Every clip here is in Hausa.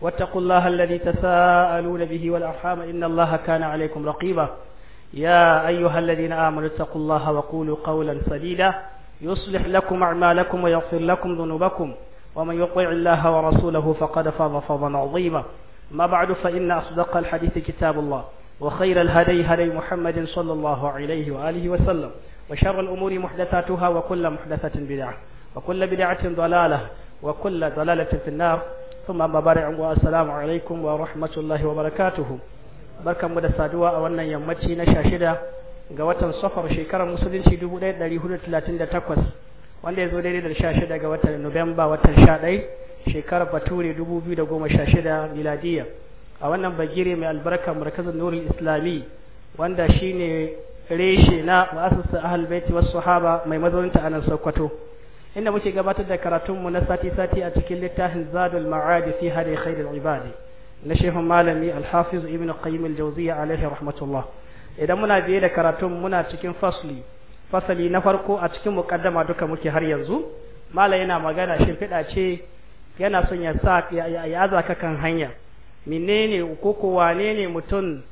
واتقوا الله الذي تساءلون به والأرحام إن الله كان عليكم رقيبا يا أيها الذين آمنوا اتقوا الله وقولوا قولا سديدا يصلح لكم أعمالكم ويغفر لكم ذنوبكم ومن يطع الله ورسوله فقد فاض فوضا عظيما ما بعد فإن أصدق الحديث كتاب الله وخير الهدي هدي محمد صلى الله عليه وآله وسلم وشر الأمور محدثاتها وكل محدثة بدعة وكل بدعة ضلالة وكل ضلالة في النار ثم أما بعد السلام عليكم ورحمة الله mu da saduwa a wannan yammaci na sha shida ga watan safar ya zo daidai da sha shida ga watan nuwamba bature dubu biyu da a wannan bagire mai albarka markazin nurul islami wanda shine reshe na ma'asasa ahal sahaba mai mazauninta a nan sokoto inda muke gabatar da karatunmu na sati-sati a cikin littafin zadul ma'adi fi hada khairul ibadi na shehun malami alhafiz ibn qayyim al-jawziyya alaihi rahmatullah idan muna biye da karatun muna cikin fasli fasali na farko a cikin muqaddama duka muke har yanzu mala yana magana shimfiɗa ce yana son ya sa ya ka kan hanya menene ko ko wane ne mutum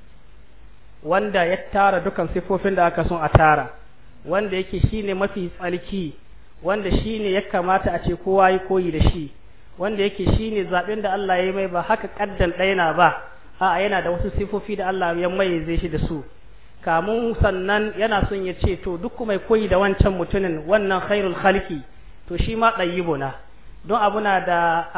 wanda ya tara dukan sifofin da aka son a tara wanda yake shine mafi tsalki wanda shi ne ya kamata a ce kowa yi koyi da shi wanda yake ne zaɓen da Allah ya mai ba haka ƙaddan daina ba a yana da wasu sifofi da Allah ya mai zai shi da su kamun sannan yana son ya ce to duk mai koyi da wancan mutumin wannan khairul khalqi to shi ma dayyibuna don abuna da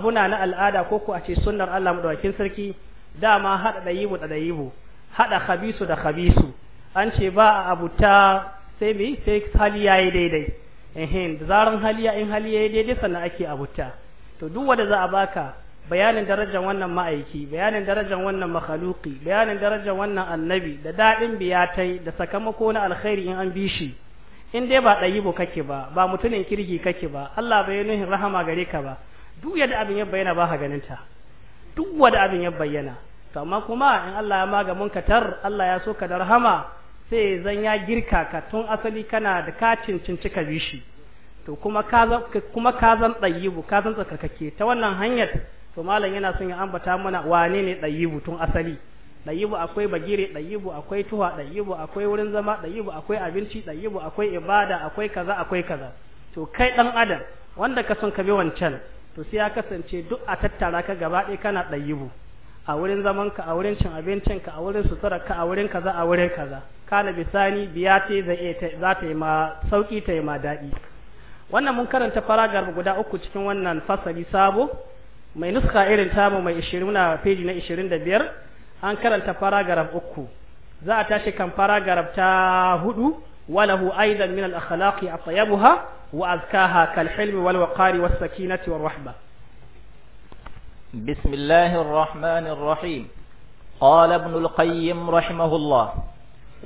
na al'ada ko ko a ce sunnar Allah mu madawakin sarki dama hada dayibu da dayibu hada khabisu da khabisu an ce ba a abuta sai mai sai hali yayi daidai ehin da zaran hali in hali ya yi daidai sannan ake abuta to duk wanda za a baka bayanin darajar wannan ma'aiki bayanin darajar wannan makhaluki bayanin darajar wannan annabi da daɗin biyatai da sakamako na alkhairi in an bishi. in dai ba ɗayibo kake ba ba mutumin kirgi kake ba Allah bai nuhin rahama gare ka ba duk yadda abin ya bayyana ba ka ganin ta duk wanda abin ya bayyana to kuma in Allah ya maga munkatar Allah ya so ka da rahama sai zan ya girka ka tun asali kana da ka cincinci ka bi shi to kuma ka kuma ka zan dayibu ka zan ta wannan hanyar to malam yana son ya ambata mana wane ne dayibu tun asali dayibu akwai bagire dayibu akwai tuwa dayibu akwai wurin zama dayibu akwai abinci dayibu akwai ibada akwai kaza akwai kaza to kai ɗan adam wanda ka son ka bi wancan to sai ya kasance duk a tattara ka gaba ɗaya kana dayibu a wurin zamanka a wurin cin abincinka a wurin ka a wurin kaza a wurin kaza kana bisani biya ce za ta yi ma sauki ta yi ma daɗi wannan mun karanta faragar guda uku cikin wannan fasali sabo mai nuska irin tamu mai 20 na peji na biyar an karanta faragraf uku za a tashi kan faragraf ta hudu walahu aidan min al-akhlaqi atyabuha wa azkaha kal hilmi wal waqari was sakinati war rahma bismillahir rahmanir rahim qala ibn al-qayyim rahimahullah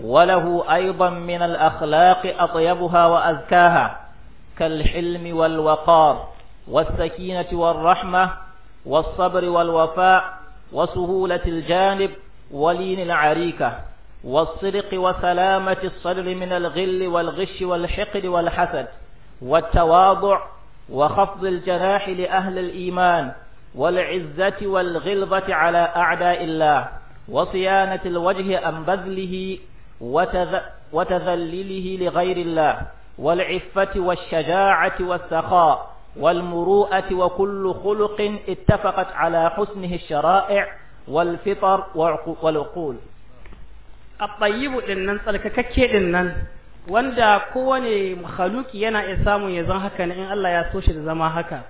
وله أيضا من الأخلاق أطيبها وأزكاها كالحلم والوقار والسكينة والرحمة والصبر والوفاء وسهولة الجانب ولين العريكة والصدق وسلامة الصدر من الغل والغش والحقد والحسد والتواضع وخفض الجناح لأهل الإيمان والعزة والغلظة على أعداء الله وصيانة الوجه أن بذله وتذلله لغير الله والعفة والشجاعة والسخاء والمروءة وكل خلق اتفقت على حسنه الشرائع والفطر والعقول الطيب dinnan tsarkakakke dinnan wanda kowane makhluki yana iya samun ya zan haka ne in Allah ya so shi da zama haka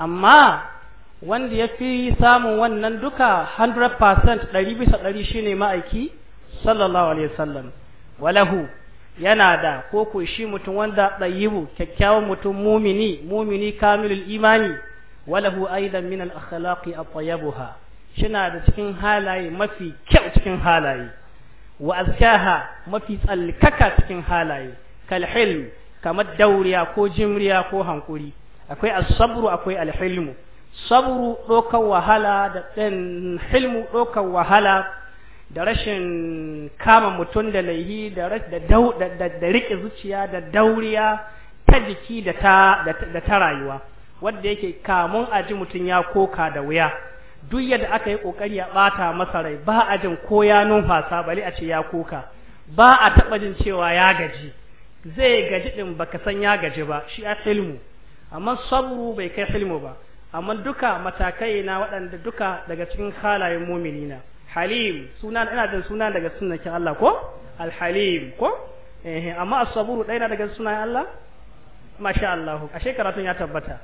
amma wanda ya fi samun wannan duka 100% ɗari bisa 100 shine ma'aiki sallallahu alaihi wasallam walahu yana da ko ko shi mutum wanda dayibu kyakkyawan mutum mumini mumini kamilul imani walahu aidan min al akhlaqi atyabuha shina da cikin halaye mafi kyau cikin halaye wa azkaha mafi tsalkaka cikin halaye kal hilm kamar dauriya ko jimriya ko hankuri akwai asabru akwai alhilmu sabru ɗaukar wahala da ɗan hilmu ɗaukar wahala da rashin kama mutum da laihi da riƙe rike zuciya da dauriya ta jiki da ta rayuwa wanda yake kamun aji mutum ya koka da wuya duk yadda aka yi kokari ya ɓata masa rai ba a jin ko ya numfasa bali a ce ya koka ba a taba jin cewa ya gaji zai gaji din baka san ya gaji ba shi a filmu amma sabu bai kai filmu ba amma duka matakai na waɗanda duka daga cikin halayen muminina halim sunan ina da sunan daga sunan Allah ko alhalim ko eh amma as-saburu daina daga sunan Allah masha Allah ashe karatun ya tabbata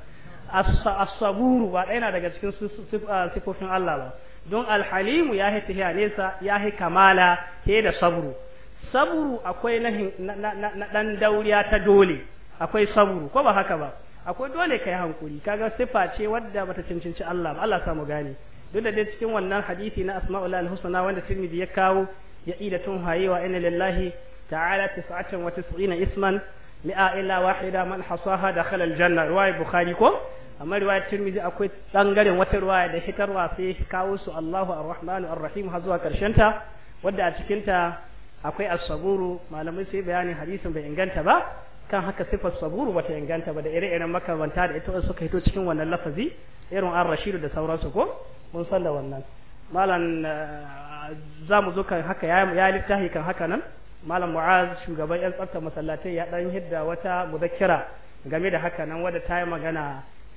as-saburu ba daina daga cikin ah, sifofin Allah ba don alhalimu ya hi tahiya nesa ya hi kamala ke da saburu saburu akwai na dan dauriya ta dole akwai saburu ko ba haka ba akwai dole kai hankuri kaga sifa ce wadda bata cincinci Allah ba Allah samu gane duk da dai cikin wannan hadisi na asma'ul al-husna wanda tirmidhi ya kawo ya ida tun hayewa inna lillahi ta'ala 99 isman li'a illa wahida man hasaha dakhala al-janna riwayat bukhari ko amma riwayat tirmidhi akwai bangaren wata riwaya da hitarwa sai kawo su Allahu ar arrahim rahim har zuwa karshen ta wadda a cikinta akwai as-saburu malamai sai bayanin hadisin bai inganta ba kan haka sifar saburu bata inganta ba da ire-iren makaranta da ita suka hito cikin wannan lafazi irin an rashidu da sauransu ko mun san da wannan malam eh, za mu zo kan haka ya littafi kan haka nan malam mu'az shugaban yan tsaftar masallatai ya dan hidda wata mudakkira game da haka nan wadda ta yi magana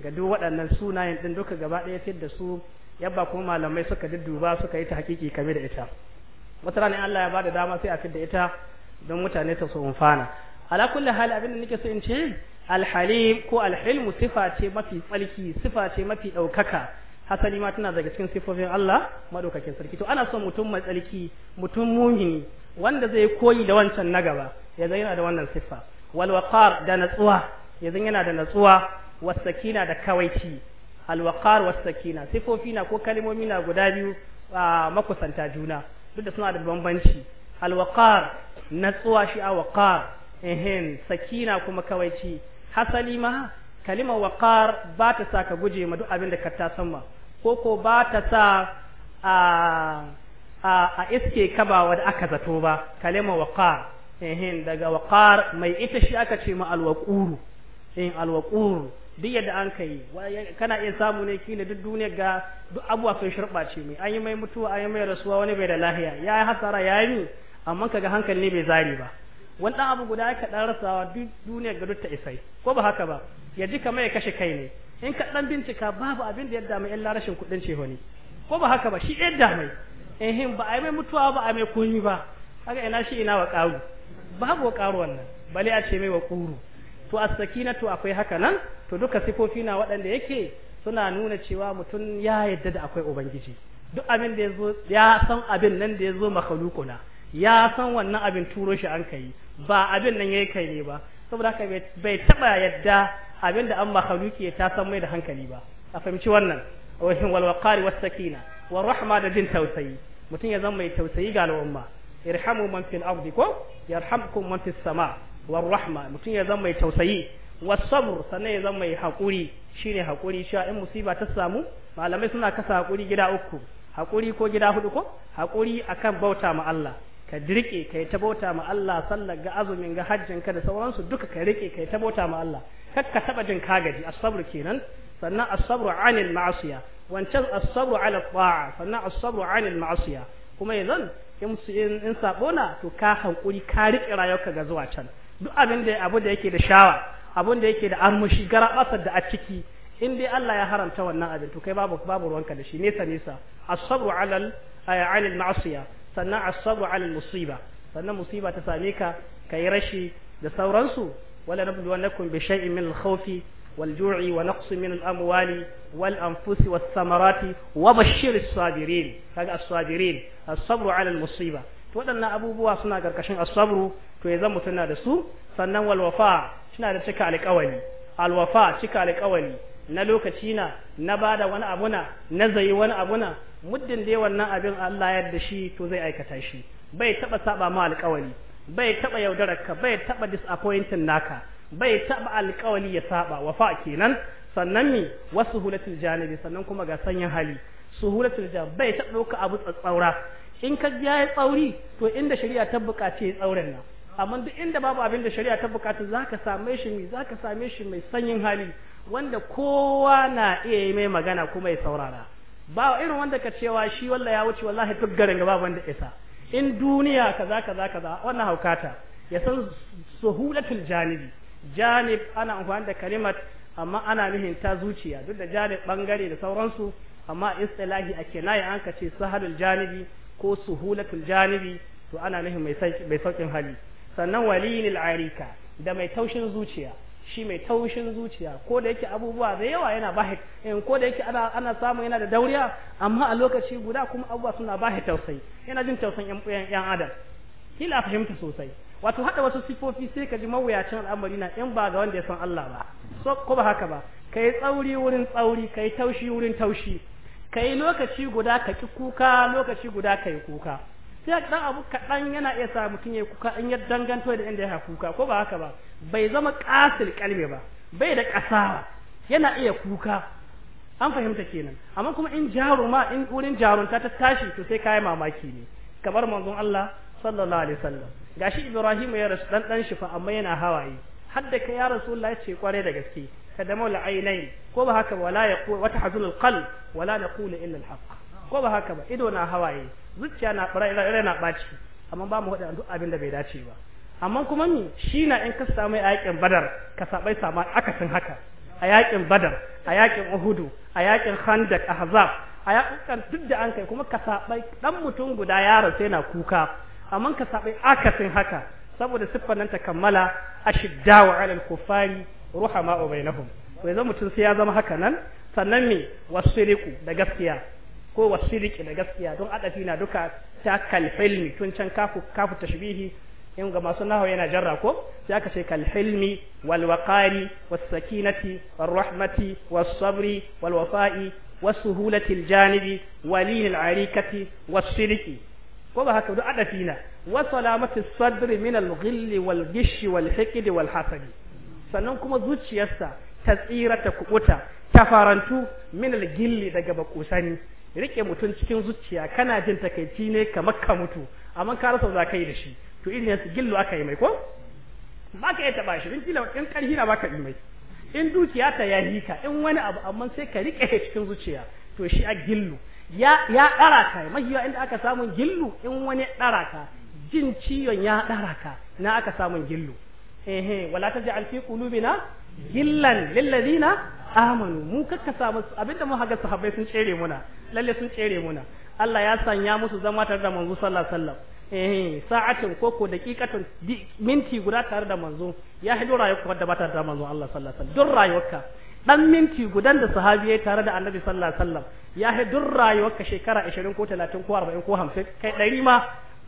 ga duk waɗannan sunayen din duka gaba ɗaya fit da su yabba kuma malamai suka dudduba suka yi ta hakiki game da ita wata ranar Allah ya bada dama sai a fit da ita don mutane ta su umfana ala kulli hal abin da nake so in ce alhalim ko alhilmu sifa ce mafi tsalki sifa ce mafi ɗaukaka hasali ma tana daga cikin sifofin Allah madaukakin sarki to ana son mutum mai tsalki mutum mumini wanda zai koyi da wancan na gaba yanzu yana da wannan sifa. wal waqar da natsuwa yanzu yana da natsuwa wasakina da kawaici al waqar wasakina sifofi na ko kalmomi na guda biyu makusanta juna duk da suna da bambanci al waqar natsuwa shi a waqar ehen sakina kuma kawai ci hasali ma kalimar waƙar ba ta sa ka guje ma duk abin da ka ta san ma ko ko ba ta sa a a ka iske kabawa da aka zato ba kalimar waƙar. ehen daga waƙar mai ita shi aka ce ma alwaquru in eh, alwaquru duk yadda an kai kana iya samu ne kila duk duniya ga duk abuwa sun ce mai an yi mai mutuwa an yi mai rasuwa wani bai da lahiya ya yi hasara ya yi amma kaga hankali ne bai zari ba wani dan abu guda ka dan rasawa duk duniyar ga ta isai ko ba haka ba ya ji kamar ya kashe kai ne in ka dan bincika babu abin da ya dama illa rashin kuɗin ceho ne ko ba haka ba shi ya mai. ehin ba a mai mutuwa ba a mai komi ba kaga ina shi ina wa ƙaru babu wa ƙaru wannan bale a ce mai wa ƙuru to as-sakinatu akwai haka nan to duka sifofi na waɗanda yake suna nuna cewa mutum ya yadda da akwai ubangiji duk abin da ya zo ya san abin nan da ya zo makhlukuna ya san wannan abin turo shi an kai ba abin nan yayi kai ne ba saboda haka bai taba yadda abin da an makhluki ta san mai da hankali ba a fahimci wannan wahin wal waqari was sakina war rahma da din tausayi mutum ya zama mai tausayi ga al'umma irhamu man fil ardi ko yarhamkum man fis sama war rahma mutum ya zama mai tausayi was sabr sannan ya zama mai hakuri shine hakuri sha in musiba ta samu malamai suna kasa hakuri gida uku hakuri ko gida hudu ko hakuri akan bauta ma Allah ka rike kai ta bota ma Allah sallar ga azumin ga hajjin ka da sauransu duka ka rike kai ta bauta ma Allah kar ka taba jin ka gaji as kenan sannan as-sabr 'anil ma'asiya wancan as 'ala ta'a sannan as 'anil ma'asiya kuma idan in in sabo na to ka hankuri ka rike rayuwarka ga zuwa can duk abin da abu da yake da shawa abun da yake da armushi garabasar da a ciki in dai Allah ya haramta wannan abin to kai babu babu ruwanka da shi nesa nesa as 'ala eh, 'anil ma'asiya sannan asabu ala musiba sannan musiba ta same ka kai rashi da sauransu wala nabluwannakum bi shay'in min al-khawfi والجوع ونقص wa الأموال والأنفس والثمرات وبشر الصابرين هذا الصابرين الصبر على المصيبة waɗannan abubuwa suna karkashin asabu to ya zan mutuna da su sannan walwafa suna da cika alƙawali alwafa cika alƙawali na lokaci na na bada wani abuna na zayi wani abuna muddin dai wannan abin Allah ya yarda shi to zai aikata shi bai taba saba ma alƙawari bai taba yaudarar ka bai taba disappointing naka bai taba alƙawari ya saba wafa kenan sannan mi wasu hulatul janibi sannan kuma ga sanyin hali suhulatul janibi bai taba ɗauka abu tsatsaura in ka ya yi tsauri to inda shari'a ta buƙace tsauran nan amma duk inda babu abin da shari'a ta bukata zaka same shi mai zaka same shi mai sanyin hali wanda kowa na iya yi mai magana kuma ya saurara ba irin wanda ka cewa shi walla ya wuce wallahi duk garin ga babu wanda isa in duniya kaza kaza kaza wannan haukata ya san suhulatul janibi janib ana amfani da kalimat amma ana nuhin ta zuciya duk da janib bangare da sauransu amma istilahi ake nayi an ka ce sahalul janibi ko suhulatul janibi to ana nuhin mai saukin hali sannan waliyil arika da mai taushin zuciya shi mai taushin zuciya ko da yake abubuwa da yawa yana bahi in eh, ko da yake ana ana samu yana da dauriya amma a lokaci guda kuma abubuwa suna bahi tausayi yana jin tausayin yan yan adam kila fahimta sosai wato hada wasu sifofi sai ka ji mawuyacin al'amari na in ba ga wanda ya san Allah ba so ko ba haka ba kai tsauri wurin tsauri kai taushi wurin taushi kai lokaci guda ka ki kuka lokaci guda kai kuka sai dan abu kaɗan yana iya sa mutum ya kuka in ya danganto da inda ya kuka ko ba haka ba bai zama ƙasir kalbe ba bai da ƙasa yana iya kuka an fahimta kenan amma kuma in jaruma in wurin jarunta ta tashi to sai kai mamaki ne kamar manzon Allah sallallahu alaihi wasallam gashi Ibrahim ya rasu dan dan shi fa amma yana hawaye hadda kai ya Rasulullah ya ce kware da gaske ka da maula ainai ko ba haka wala ya wata hazul qalb wala naqulu illa alhaq ko ba haka ba ido na hawaye zuciya na rai na ɓaci amma ba mu hada duk abin da bai dace ba amma kuma ni shi na in ka samu yaƙin badar ka sabai sama akasin haka a yaƙin badar a yaƙin uhudu a yaƙin handak a a yaƙin duk da an kai kuma ka sabai ɗan mutum guda ya sai na kuka amma ka sabai akasin haka saboda siffar nan ta kammala ashidda wa alal kufari ruhama wa bainahum wai zan mutum sai ya zama haka nan sannan me wasiriku da gaskiya ko wasiriki da gaskiya don adafi na duka ta kalhilmi tun can kafu kafu tashbihi in ga masu nahawa yana jarra ko sai aka ce kalhilmi wal waqari was sakinati war rahmati was sabri wal wafa'i was suhulati al janibi al arikati was siriki ko ba haka duk adafi na wa salamati sadri min al ghilli wal gishi wal hiqdi wal sannan kuma zuciyarsa ta tsira ta kubuta ta farantu min al gilli daga bakusani rike mutum cikin zuciya kana jin takaici ne kamar ka mutu amma ka rasa za ka yi da shi to irin yansu gillo aka yi mai ko ba ka yi taba shi in kila in karhi na baka yi mai in dukiya ta ya hika in wani abu amma sai ka rike cikin zuciya to shi a gillu ya ya dara ka mahiya inda aka samu gillu in wani dara ka jin ciwon ya dara ka na aka samu gillu eh eh wala an fi qulubina gillan lil ladina amanu mu kakka sa musu abinda mu haga sahabbai sun tsere muna lalle sun tsere muna Allah ya sanya musu zama tare da manzo sallallahu alaihi wasallam eh sa'atin koko daqiqatun minti guda tare da manzo ya hido rayuwar da ba da manzo Allah sallallahu alaihi wasallam dur rayuwarka dan minti gudan da sahabi ya tare da annabi sallallahu alaihi wasallam ya hido rayuwarka shekara 20 ko 30 ko 40 ko 50 kai 100 ma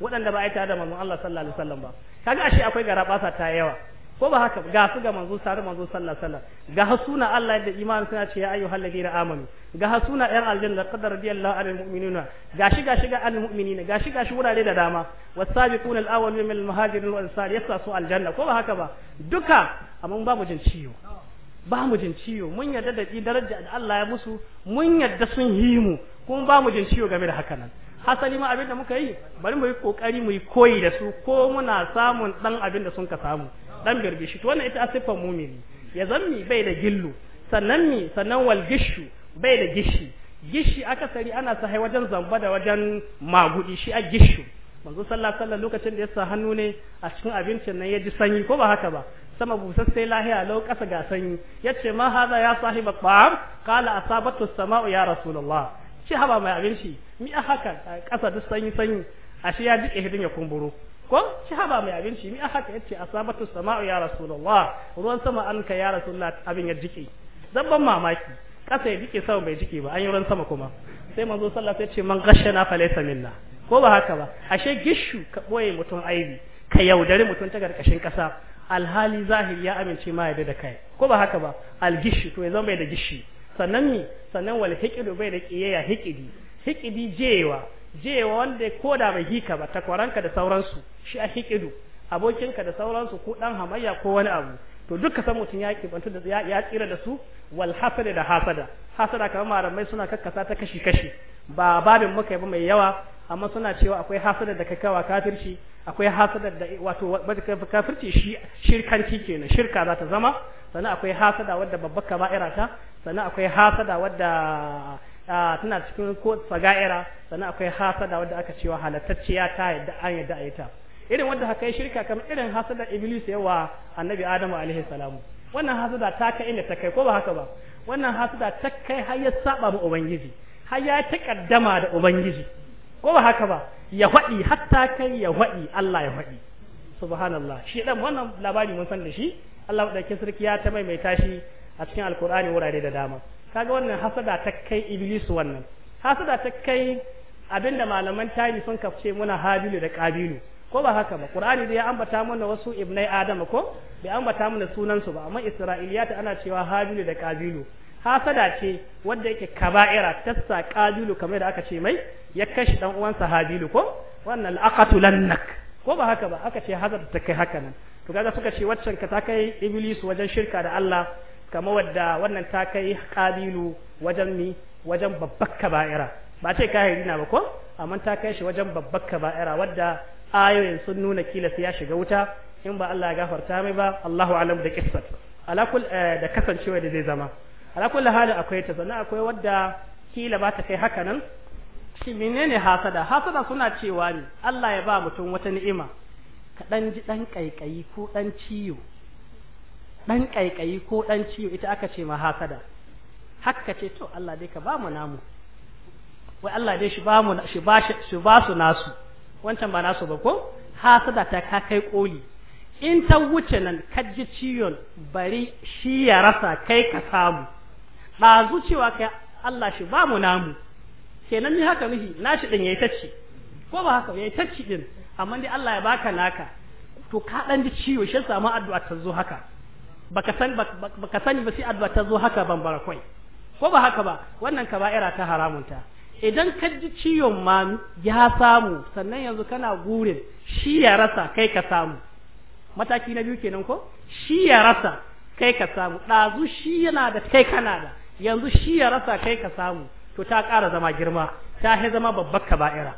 waɗanda ba a yi tare da manzo Allah sallallahu alaihi wasallam ba kaga ashe akwai garabasa ta yawa ko ba haka ga su ga manzo sare manzo sallallahu alaihi wasallam ga hasuna Allah da imani suna ce ya ayyuhal ladina amanu ga hasuna ɗan aljanna qadar radiyallahu anil mu'minina ga shi ga shi ga anil mu'minina ga shi ga shi wurare da dama wasabiquna alawwaluna min almuhajirin wal ansar yasa su aljanna ko ba haka ba duka amma ba mu jin ciwo ba mu jin ciwo mun yarda da daraja da Allah ya musu mun yarda sun yi mu kuma ba mu jin ciwo game da haka nan hasali ma abin da muka yi bari mu yi kokari mu yi koyi da su ko muna samun dan abin da sun ka samu dan birgishi to wannan ita asifan mumini ya zammi bai da gillu sannan mi sannan wal gishu bai da gishi gishi akasari ana sahai wajen zamba da wajen magudi shi a gishu manzo sallallahu alaihi lokacin da ya sa hannu ne a cikin abincin nan ya ji sanyi ko ba haka ba sama busar sai lahiya lau kasa ga sanyi yace ma haza ya sahiba qam qala asabatu as-sama'u ya rasulullah shi haba mai abinci mi a haka kasa duk sanyi sanyi ashe ya ji ihdin ya kumburo ko shi haba mai abinci mi haka yace asabatu sama'u ya rasulullah ruwan sama an ka ya rasulullah abin ya jike zabban mamaki kasa ya jike sama bai jike ba an yi ruwan sama kuma sai manzo sallallahu alaihi wasallam ya ce man ghashana laysa minna ko ba haka ba ashe gishu ka boye mutum aibi ka yaudari mutum ta karkashin kasa alhali zahiri ya amince ma yadda da kai ko ba haka ba Gishu to ya zama bai da gishi sannan ni sannan wal hikidu bai da qiyaya hikidi hikidi jewa je wanda ko da bai hika ba takwaranka da sauransu shi a hikidu abokinka da sauransu ko dan hamayya ko wani abu to duka san mutun ya kibantu da ya tsira da su wal hasada da hasada hasada kamar malamai suna kakkasa ta kashi kashi ba babin muka ba mai yawa amma suna cewa akwai hasada da kakkawa kafirci akwai hasada da wato kafirci shi shirkanci kenan shirka za ta zama sannan akwai hasada wadda babbar kaba'ira irata sannan akwai hasada wadda Ah, tana cikin ko tsaga'ira sannan akwai hasada wadda aka cewa halattacciya ta yadda an yadda a ta irin wadda haka shirka kamar irin hasada iblis yawa annabi adamu alaihi salamu wannan hasada ta kai inda ta kai ko ba haka ba wannan hasada ta kai har ya saba ma ubangiji har ya takaddama da ubangiji ko ba haka ba ya faɗi hatta kai ya faɗi Allah ya faɗi subhanallah shi dan wannan labari mun san da shi Allah ke sarki ya ta mai tashi a cikin alkur'ani wurare da dama kaga wannan hasada ta kai iblis wannan hasada ta kai abinda malaman tari sun kafce muna habilu da kabilu ko ba haka ba qur'ani dai ya ambata mana wasu ibnai adam ko bai ambata mana sunan su ba amma isra'iliyata ana cewa habilu da kabilu hasada ce wanda yake kaba'ira tassa kabilu kamar da aka ce mai ya kashi dan uwansa habilu ko wannan lannak ko ba haka ba aka ce hasada ta kai haka nan to kaga suka ce waccan ka ta kai iblis wajen shirka da Allah kamar wadda wannan ta kai kabilu wajen mi wajen babbar kaba'ira ba ce kahiri na ba ko amma ta kai shi wajen babbar kaba'ira wadda ayoyin sun nuna kila ya shiga wuta in ba Allah ya gafarta mai ba Allahu alam da kissat alakul eh, da kasancewa da zai zama alakul halin akwai ta sannan akwai wadda kila ba ta kai haka nan shi menene hasada hasada suna cewa ne Allah ya ba mutum wata ni'ima ka dan ji dan kaikayi ko dan ciwo Ɗan kaikayi ko ɗan ciwo ita aka ce ma hasada hakka ce to Allah dai ka ba mu namu wai Allah dai shi ba mu shi ba shi ba su nasu wancan ba nasu ba ko hasada ta ka kai koli in ta wuce nan kaji ciyon bari shi ya rasa kai ka samu ba zuciwa kai Allah shi ba mu namu kenan ni haka mihi ɗin din yayi tacci ko ba haka yayi tacci din amma dai Allah ya baka naka to ka dan ji ciwo shi samu addu'a ta zo haka baka san baka sani ba sai addu'a ta zo haka bambara kwai ko ba haka ba wannan kaba'ira ta haramunta idan ka ji ciwon ma ya samu sannan yanzu kana gurin shi ya rasa kai ka samu mataki na biyu kenan ko shi ya rasa kai ka samu ɗazu shi yana da kai kana da yanzu shi ya rasa kai ka samu to ta ƙara zama girma ta he zama babbar kaba'ira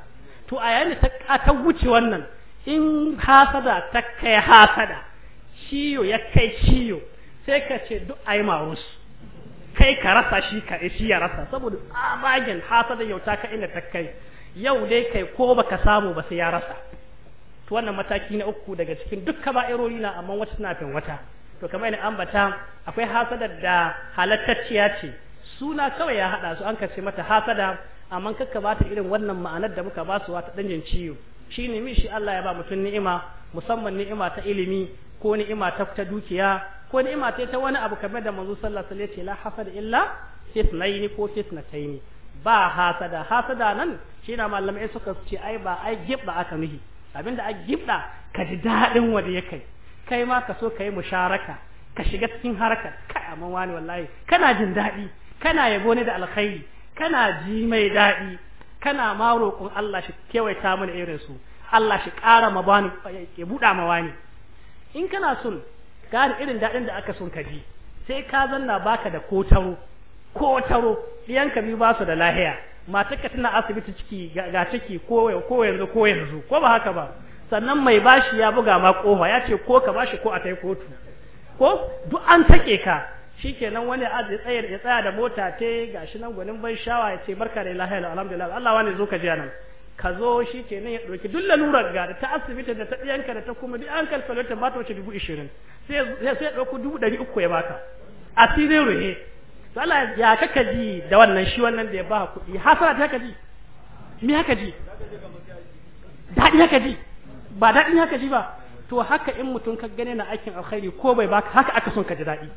to a yayin ta ta wuce wannan in hasada ta kai hasada ciyo ya kai ciyo sai ka ce duk yi marus kai ka rasa shi ka shi ya rasa saboda tsabagen hasada yauta ka inda ta kai yau dai kai ko ba ka samu ba sai ya rasa to wannan mataki na uku daga cikin duk ba'irori na amma wata tana fin wata to kamar yana ambata akwai hasadar da halattacciya ce suna kawai ya hada su an ce mata hasada amma kakka ba ta irin wannan ma'anar da muka ba su ta danjin ciwo shi ne shi Allah ya ba mutum ni'ima musamman ni'ima ta ilimi ko ni'ima ta ta dukiya ko ni'ima ta ta wani abu kamar da manzo sallallahu alaihi wasallam ya ce la hasada illa fisnaini ko fisnataini ba hasada hasada nan shi na malamai suka ce ai ba ai gibda aka nuhi abinda a gibda ka ji dadin wanda ya kai kai ma ka so kai musharaka ka shiga cikin harkar kai amma wani wallahi kana jin dadi kana yabo ne da alkhairi kana ji mai dadi kana ma roƙon Allah shi kewaita mana irin su Allah shi ƙara ma bani ya buɗa ma wani in kana son ka da irin daɗin da aka son ka ji sai ka zanna baka da kotaro kotaro ka biyu ba da lahiya matarka tana asibiti ciki ga ciki ko yanzu ko yanzu ko ba haka ba sannan mai bashi ya buga ma kofa ya ce ko ka bashi ko a kai kotu ko duk an take ka shikenan wani a ya tsaya ya tsaya da mota te gashi nan gwanin ban shawa ya ce barka da lahiya alhamdulillah Allah wani zo ka ji nan ka zo shi ke nan ya ɗauki duk lalurar ga ta asibiti da ta ɗiyanka da ta kuma duk an kalfalata ba ta wuce dubu ishirin sai ya ɗauki dubu ɗari uku ya baka a tirin ruhe to Allah ya kaka ji da wannan shi wannan da ya ba kuɗi hasara ta kaji ji me haka ji daɗi haka ji ba daɗi haka ji ba to haka in mutum ka gane na aikin alkhairi ko bai baka haka aka son ka ji daɗi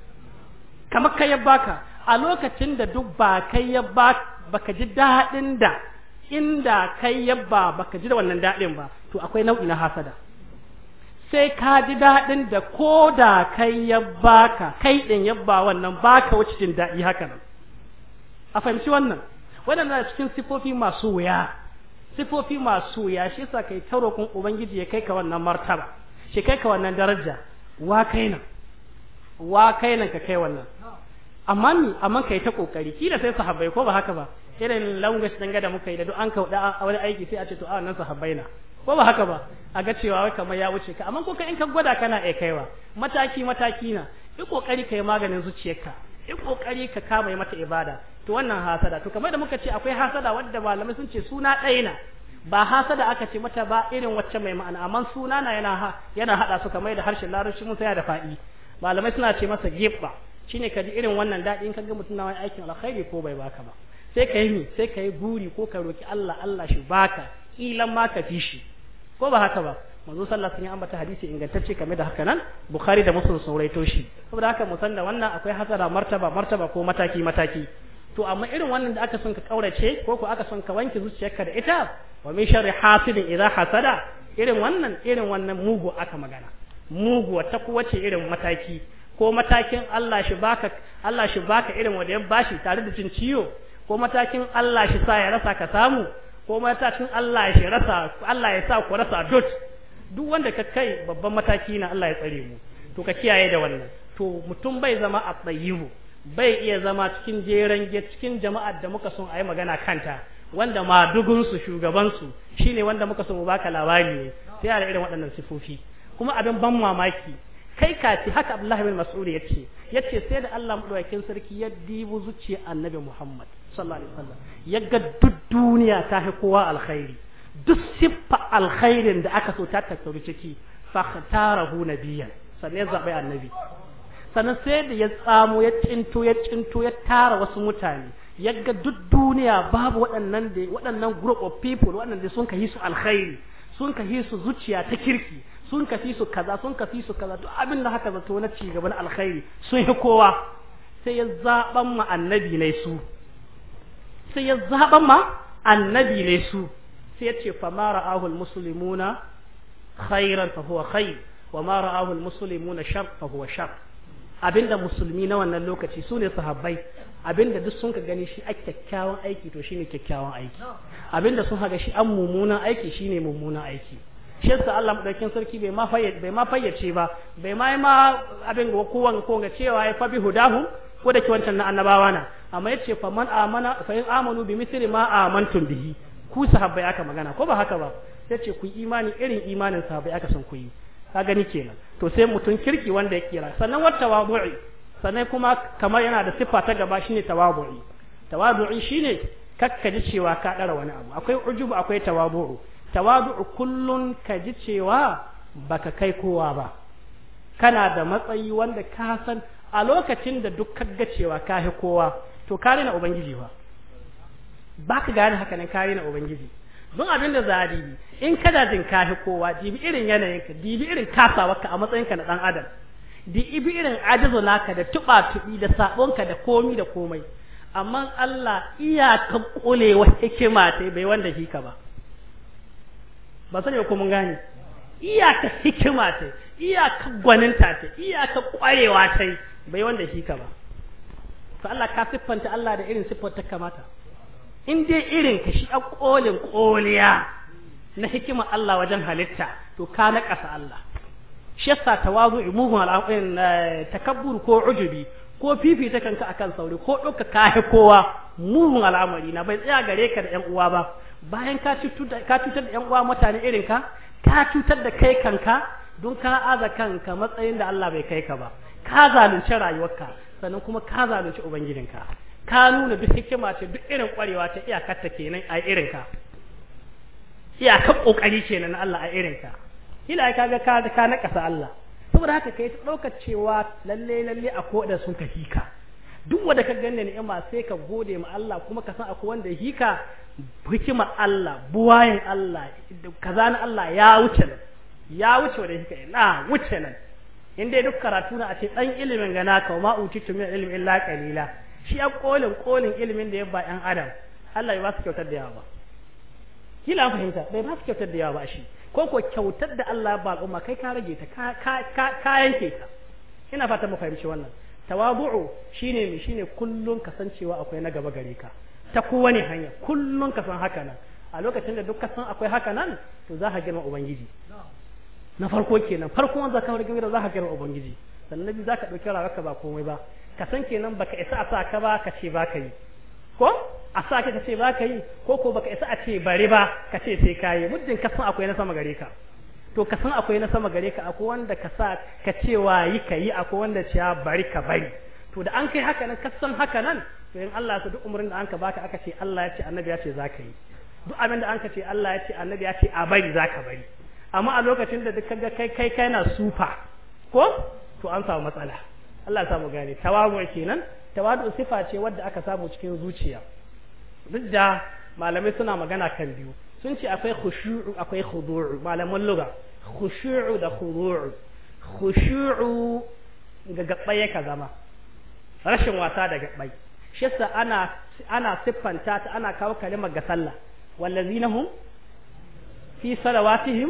kamar kai ya baka a lokacin da duk ba kai ya baka ji daɗin da inda kai yabba baka ji da wannan daɗin ba to akwai nau'i na hasada sai ka ji daɗin da ko da kai yabba ka kai ɗin yabba wannan baka wuce jin daɗi haka nan a fahimci wannan wannan na cikin sifofi masu wuya sifofi masu wuya shi yasa kai ta roƙon ubangiji ya kai ka wannan martaba shi kai ka wannan daraja wa kai wa kai nan ka kai wannan amma ni amma kai ta kokari kila sai sahabbai ko ba haka ba irin language dan ga da muka yi da duk an kauda wani aiki sai a ce to a nan sahabbai na ko ba haka ba a ga cewa wai kamar ya wuce ka amma ko ka in ka gwada kana iya kaiwa mataki mataki na ki kokari kai maganin zuciyarka ki kokari ka kama mata ibada to wannan hasada to kamar da muka ce akwai hasada wadda malamai sun ce suna ɗaya na ba hasada aka ce mata ba irin wacce mai ma'ana amma suna na yana yana hada su kamar da harshen larabci mun sai da fa'i malamai suna ce masa gibba shine ka ji irin wannan daɗi in ka ga mutum na wani aikin alkhairi ko bai baka ba sai ka yi sai ka yi buri ko ka roki Allah Allah shi baka ilan ma ka fi shi ko ba haka ba manzo sallallahu alaihi wasallam ambata hadisi ingantacce kame da haka nan bukhari da muslim sun raito shi saboda haka mu san da wannan akwai hasara martaba martaba ko mataki mataki to amma irin wannan da aka son ka kaurace ko ko aka son ka wanke zuciyarka da ita wa min sharri hasidin idza hasada irin wannan irin wannan mugu aka magana mugu ta kuwace irin mataki ko matakin Allah shi baka Allah shi baka irin wanda ya bashi tare da cin ciwo ko matakin Allah shi sa ya rasa ka samu ko matakin Allah shi rasa Allah ya sa ku rasa dot duk wanda ka kai babban mataki na Allah ya tsare mu to ka kiyaye da wannan to mutum bai zama a tsayibu bai iya zama cikin jeren cikin jama'ar da muka son a yi magana kanta wanda madugunsu shugabansu shine wanda muka so mu baka labari ne sai a irin waɗannan sifofi kuma abin ban mamaki kai kati haka Abdullahi bin Mas'ud ya ce ya ce sai da Allah madaukakin sarki ya dibu zuciya Annabi Muhammad sallallahu alaihi wasallam ya ga duk duniya ta fi kowa alkhairi duk siffa alkhairin da aka so ta tattaru ciki fa khatarahu nabiyyan sannan ya zabi annabi sannan sai da ya tsamo ya cinto ya cinto ya tara wasu mutane ga duk duniya babu waɗannan da waɗannan group of people waɗanda sun kahi su alkhairi sun kahi su zuciya ta kirki sun kafi su kaza sun kafi su kaza duk abin da haka zato na ci gaban alkhairi sun yi kowa sai ya zaban ma annabi ne su sai ya zaban ma annabi ne su sai ya ce fa ra'ahu almuslimuna khairan fa huwa khair wa ma ra'ahu almuslimuna shar fa huwa shar abinda musulmi na wannan lokaci su ne sahabbai abinda duk sun ka gani shi a kyakkyawan aiki to shine kyakkyawan aiki abinda sun haga shi an mummunan aiki shine mummunan aiki shi Allah madaukin sarki bai ma fayyace bai ma fayyace ba bai ma ma abin ga kowa ko ga cewa ya fabi hudahu ko da ke wancan na annabawa na amma yace fa man amana fa in amanu bi misri ma amantum bihi ku sahabbai aka magana ko ba haka ba yace ku imani irin imanin sahabbai aka san ku yi ka gani kenan to sai mutum kirki wanda ya kira sannan wata tawadu'i sannan kuma kamar yana da siffa ta gaba shine tawabu'i tawadu'i shine kakkaji cewa ka dara wani abu akwai ujubu akwai tawabu'u tawadu kullun ka ji cewa baka kai kowa ba kana da matsayi wanda ka san a lokacin da duk kaga cewa ka hi kowa to kare na ubangiji ba baka gane haka ne kare na ubangiji don abin da za in kada jin ka hi kowa dibi irin yanayinka dibi irin kasawarka a matsayinka na dan adam dibi irin ajizu naka da tuba tubi da sabonka da komi da komai amma Allah iya iyaka kulewa hikima ta bai wanda hika ba ba sani ko mun gane iyaka hikima ta iyaka gwaninta ta iyaka kwarewa ta bai wanda shi ka ba to Allah ka siffanta Allah da irin siffar ta kamata in dai irin ka shi a kolin koliya na hikima Allah wajen halitta to ka na ƙasa Allah shi yasa tawazu mugun al'amuran eh, takabbur ko ujubi ko fifita kanka akan sauri ko ɗauka kahe kowa muhun al'amari na bai tsaya gare ka da ƴan uwa ba bayan ka cutar da 'yan uwa mutane irin ka ka cutar da kai kanka don ka aza kanka matsayin da Allah bai kai ka ba ka zalunci rayuwarka sannan kuma ka zalunci ubangijinka ka nuna duk hikima ce duk irin kwarewa ta iyakar ta kenan a irin ka iyakar kokari kenan Allah a irin ka kila ka ga ka ka nakasa Allah saboda haka kai ta daukar cewa lalle lalle a koda sun ka hika duk wanda ka ganne ni'ima sai ka gode ma Allah kuma ka san akwai wanda hika hikima Allah buwayin Allah kaza na Allah ya wuce nan ya wuce wanda yi na wuce nan in dai duk karatu na a ce dan ilimin gana naka ma utitu min ilmi illa qalila shi a kolin kolin ilimin da ya ba yan adam Allah ya ba su kyautar da yawa ba kila fahimta bai ba su kyautar da yawa ba shi ko ko kyautar da Allah ba al'umma kai ka rage ta ka ka ina fatan mu fahimci wannan tawabu'u shine mi shine kullun kasancewa akwai na gaba gare ka ta ne hanya kullum ka san haka nan a lokacin da duk ka san akwai haka nan to za ka girma ubangiji na farko kenan farko wanda ka farko za ka girma ubangiji sannan biyu za ka ɗauki rayuwarka ba komai ba ka san kenan baka isa a sa ka ba ka ce ba ka yi ko a sa ka ce ba ka yi ko ko baka isa a ce bare ba ka ce sai ka yi muddin ka akwai na sama gare ka to ka akwai na sama gare ka akwai wanda ka sa ka cewa yi ka yi akwai wanda cewa bari ka bari to da an kai haka nan ka haka nan to in Allah ya duk umarnin da anka baka aka ce Allah ya ce annabi ya ce zaka yi duk abin da anka ce Allah ya ce annabi ya ce a bari zaka bari amma a lokacin da duk ga kai kai kai na sufa ko to an samu matsala Allah ya samu gane tawadu kenan tawadu sifa ce wadda aka samu cikin zuciya duk da malamai suna magana kan biyu sun ce akwai khushu'u akwai khudu'u malaman lugha khushu'u da khudu'u khushu'u ga gabbai ka zama rashin wasa da gabbai shi ana ana siffanta ta ana kawo kalimar ga sallah wallazina hum fi salawatihim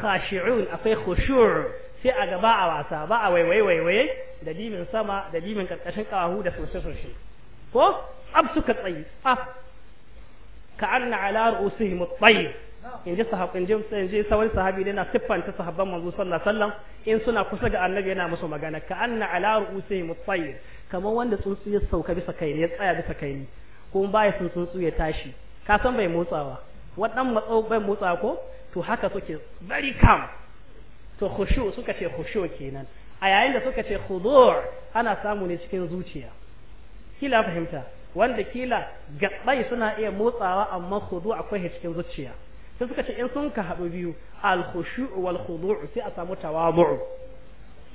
khashi'un akwai khushu' sai a gaba a wasa ba a waiwaye waiwaye da dimin sama da dimin karkashin kawahu da sosai sosai ko ab suka tsayi ab ka anna ala ru'usihim at in ji sahabin jin in ji sawai sahabi da na siffanta sahabban manzo sallallahu alaihi wasallam in suna kusa ga annabi yana musu magana ka anna ala ru'usihim at kamar wanda tsuntsu ya sauka bisa kai ne ya tsaya bisa kai ne ko baya ya sun tsuntsu ya tashi ka san bai motsawa waɗan matsau bai motsa ko to haka suke very calm to khushu suka ce khushu kenan a yayin da suka ce khudu' ana samu ne cikin zuciya kila fahimta wanda kila gabbai suna iya motsawa amma khudu' akwai cikin zuciya sai suka ce in sun ka haɗu biyu al-khushu'u wal khudu' sai a samu tawabu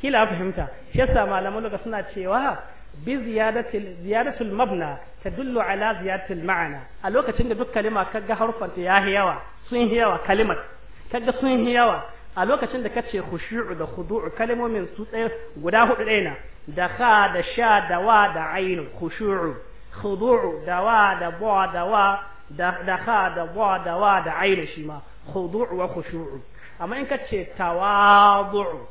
kila fahimta shi yasa malaman daga suna cewa biziyadatul mabna ta dullu ala ziyadatul ma'ana a lokacin da duk kalima kaga harfanta ya yi yawa sun hiyawa yawa kaga sun hiyawa a lokacin da ka ce khushu'u da khudu'u kalimomin su tsaye guda hudu ɗaya na da kha da sha da wa da ainu khushu'u khudu'u da wa da bawa da wa da da bawa da wa da ainu shi ma wa khushu'u amma in ka ce tawadu'u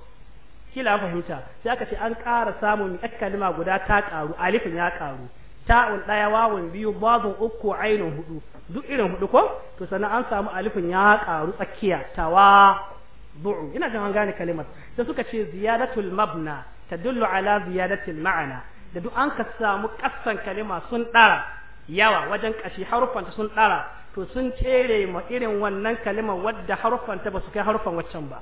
kila fahimta sai aka ce an ƙara samun mi kalima guda ta ƙaru alifin ya ƙaru ta'un ɗaya wawun biyu babun uku ainun hudu duk irin hudu ko to sannan an samu alifin ya ƙaru tsakiya tawa bu'u ina jin an gane kalimar sai suka ce ziyadatul mabna tadullu ala ziyadatil ma'ana da duk an ka samu kassan kalima sun ɗara yawa wajen kashi harufanta sun ɗara to sun cere ma irin wannan kalimar wadda harufanta ba su kai harufan waccan ba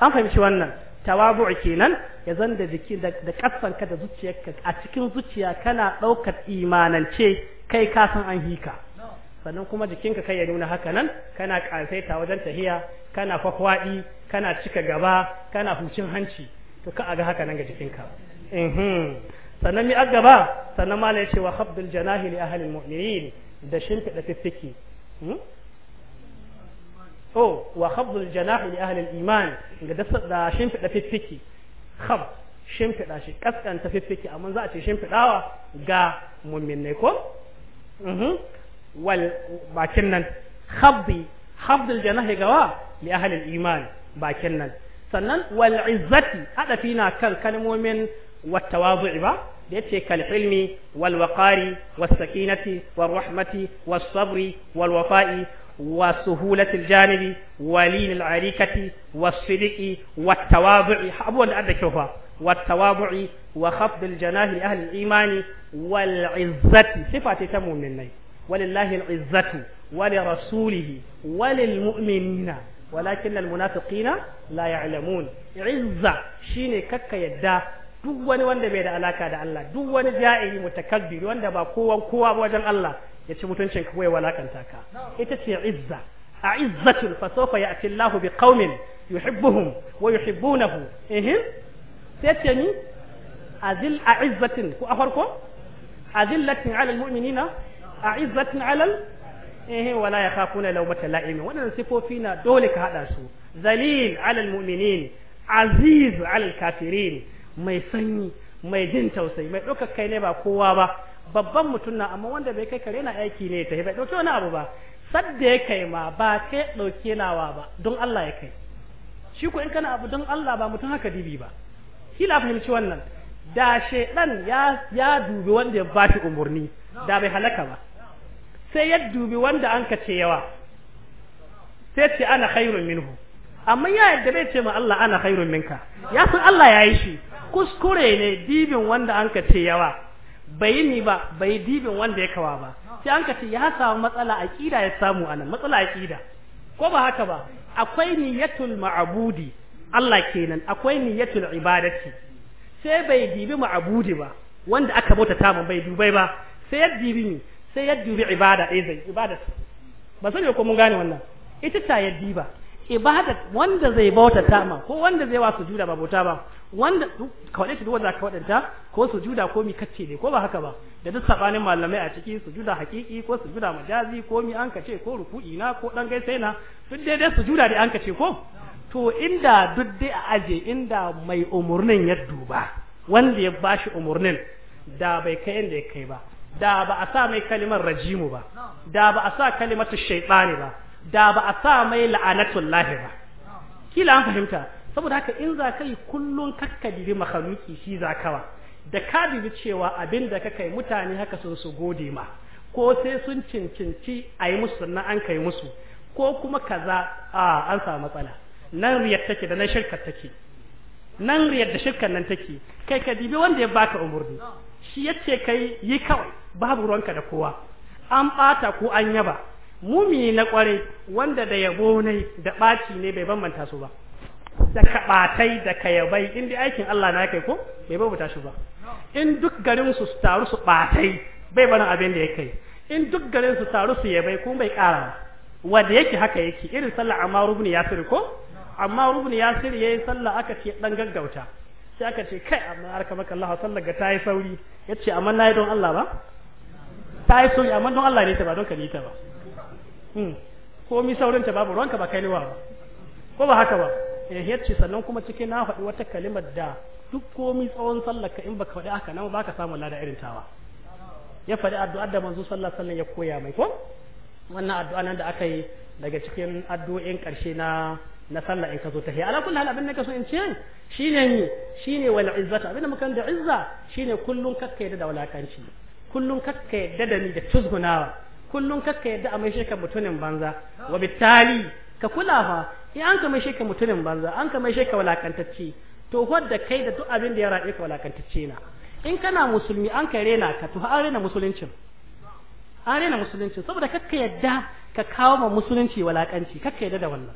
an fahimci wannan tawabu kenan ya zan da jiki da kasanka da zuciyarka a cikin zuciya kana ɗaukar imanance kai ka san an hika sannan kuma jikinka kai ya nuna haka nan kana kasaita wajen tahiya kana kwakwadi kana cika gaba kana hucin hanci to ka aga haka nan ga jikinka mhm sannan mi agaba sannan malai ce wa khabdul janahi li ahli almu'minin da shimfida fiffiki hmm? oh wa khabdul janah li ahli al-iman ga da shin fida fiffiki khab shin fida shi kaskanta fiffiki amma za a ce shin fidawa ga mu'minai ko mhm wal bakin nan khabdi khabdul janah ga wa li ahli al-iman bakin nan sannan wal izzati adafi na kan kalmomin wat tawadhu ba da yace kal ilmi wal waqari was sakinati war rahmati was sabri wal wafa'i wa suhulatil janibi wa lilil arikati wa sidiki wa tawadu'i abubuwan da adda kyau wa tawadu'i wa khafdil janahi li ahli imani wal izzati sifa ta mu'minnai walillahi al izzatu wa li rasulihi wa lil mu'minina walakin al munafiqina la ya'lamun izza shine kakka yadda duk wani wanda bai da alaka da Allah duk wani ja'iri mutakabbiri wanda ba kowan kowa ba wajen Allah ya ci mutuncin ka ya walakanta ka ita ce izza a izzatin fa sawfa ya'ti Allah bi qaumin yuhibbuhum wa yuhibbunahu eh sai ce ni azil a izzatin ku a farko azillatin ala almu'minina a izzatin ala eh wala yakhafuna lawmata la'im wannan sifofi na dole ka hada su zalil ala almu'minin aziz ala alkafirin mai sanyi mai jin tausayi mai ɗaukar kai ne ba kowa ba babban mutum na amma wanda bai kai kare na aiki ne ta bai dauke wani abu ba sadda ya kai ma ba kai ɗauke nawa ba don Allah ya kai shi ko in kana abu don Allah ba mutum haka dibi ba kila fahimci wannan da shedan ya ya dubi wanda ya ba shi umarni da bai halaka ba sai ya dubi wanda an kace yawa sai ce ana khairun minhu amma ya yadda bai ce ma Allah ana khairun minka ya san Allah ya yi shi kuskure ne dibin wanda an ka ce yawa bai ni ba bai dibin wanda ya kawa ba sai an ka ce ya samu matsala aqida ya samu anan matsala aqida ko ba haka ba akwai niyatul ma'budi Allah kenan akwai niyatul ibadati sai bai dibi ma'budi ba wanda aka bauta ta bai dubai ba sai ya dibi sai ya dubi ibada dai eh, zai ibada ba sai ko mun gane wannan ita ta ya diba ibada wanda zai bauta ta ma ko wanda zai wasu sujuda ba bauta ba wanda ka wadace duk wanda ka wadanta ko su juda ko mi kacce ne ko ba haka ba da duk sabanin malamai a ciki su juda hakiki ko su juda majazi ko mi an kace ko ruku'i na ko dan gaisa na duk dai dai juda da an kace ko to inda duk dai a aje inda mai umurnin ya duba wanda ya bashi umurnin da bai kai inda ya kai ba da ba a sa mai kalimar rajimu ba da ba a sa kalimatu shaytani ba da ba a sa mai la'anatullahi ba kila an fahimta saboda haka in za ka yi kakka kakkabibi makhluki shi za kawa da ka bibi cewa abin da ka kai mutane haka sun su gode ma ko sai sun cincinci a yi musu sannan an kai musu ko kuma kaza a an samu matsala nan riyar take da nan shirkar take nan riyar da shirkar nan take kai ka dibi wanda ya baka umurni shi yace kai yi kawai babu ruwanka da kowa an bata ko an yaba mumi na kwarai wanda da yabo ne da baci ne bai bambanta su ba da kaɓatai da kayabai in dai aikin Allah na kai ko bai babu tashi ba in duk garin su taru su ɓatai bai barin abin da ya kai in duk garin su taru su yabai kuma bai ƙara wanda yake haka yake irin sallah amma ya siri ko amma ya yasir yayi sallah aka ce dan gaggauta sai aka ce kai amma arka maka Allah sallah ga tayi sauri yace amma nayi don Allah ba tayi sauri amma don Allah ne ta ba don ka ne ta ba hmm ko mi saurin ta babu ruwanka ba kai ne wa ko ba haka ba yacce sannan kuma cikin na faɗi wata kalimar da duk komi tsawon sallar ka in baka faɗi haka nan baka samu lada irin tawa ya faɗi addu'ar da manzo sallar sallar ya koya mai ko wannan addu'a nan da aka yi daga cikin addu'o'in ƙarshe na na sallar in ka zo hiya ala kullu hal abin da ka so in ce shine ni shine wal izzata abin da muka da izza shine kullun kakka yadda da walakanci kullun kakka yadda da ni da tuzgunawa kullun kakka yadda a mai shekar mutumin banza wa bittali ka kula fa in an ka mai shi ka mutumin banza an ka mai shi ka walakantacce to wadda kai da duk abin da ya raɗe ka walakantacce na in kana musulmi an ka rena ka to an rena musuluncin an rena musuluncin saboda kakka yadda ka kawo ma musulunci walakanci kakka yadda da wannan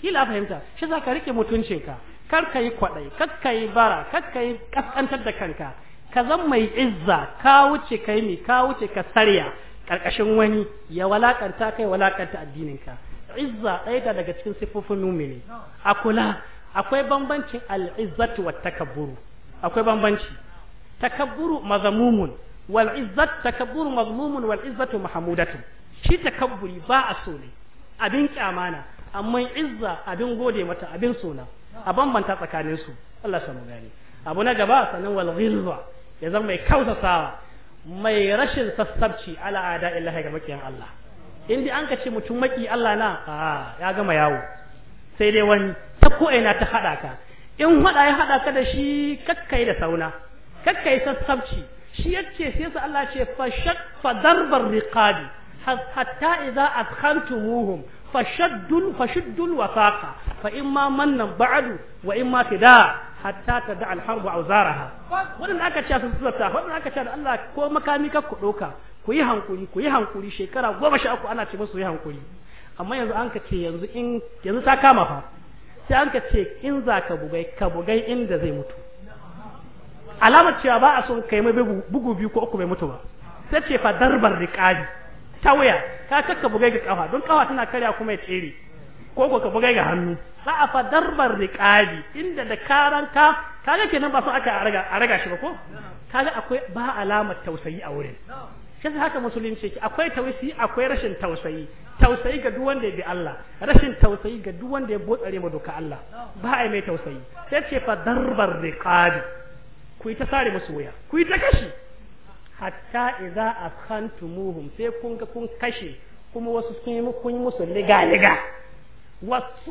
kila fahimta shi za ka rike mutuncinka kar ka yi kwaɗai kar ka yi bara kar ka yi ƙasƙantar da kanka ka zan mai izza ka wuce kai ne ka wuce ka sarya ƙarƙashin wani ya walakanta kai walakanta addininka izza ɗaya daga cikin siffofin mumini a kula akwai bambancin al'izzatu wa takabburu akwai bambanci takabburu mazamumun wal izzat takabburu mazmumun wal izzatu mahmudatu shi takabburi ba a so ne abin kyamana amma izza abin gode mata abin sona a bambanta tsakanin su Allah samu gani abu na gaba sanan wal ghilwa ya zama mai sawa mai rashin sassabci ala ada illahi ga makiyan Allah in dai an ka ce mutum maki Allah na a ah, ya gama yawo sai dai wani ta ko ina ta hada ka in hada ya hada ka da shi kakkai da sauna kakkai sassabci shi yace sai sa Allah ce fa shak fa darbar riqabi hatta idza adkhaltumuhum fa fashaddul wasaqa fa imma mannan ba'du wa imma fida hatta ta da alharbu auzaraha wannan aka ce sun tsulata wannan aka ce da Allah ko makami ka ku doka ku yi hankuri ku yi hankuri shekara goma sha uku ana ce musu yi hankuri amma yanzu an ka ce yanzu in yanzu ta kama fa sai an ka ce in za ka bugai ka bugai inda zai mutu alamar cewa ba a son kai mai bugu biyu ko uku bai mutu ba sai ce fa darbar riqabi ta wuya ka kakka bugai ga kafa don kafa tana karya kuma ya tsere ko ko ka bugai ga hannu za a fa darbar riqabi inda da karanka kaga kenan ba su aka a raga shi ba ko kaga akwai ba alamar tausayi a wurin shi haka musulunci ce akwai tausayi akwai rashin tausayi tausayi ga duk wanda ya bi Allah rashin tausayi ga duk wanda ya botsare ma doka Allah ba ai mai tausayi sai ce fa darbar riqabi ku yi ta sare musu wuya ku yi ta kashi hatta idza akhantumuhum sai kun ga kun kashe kuma wasu sun yi musu liga liga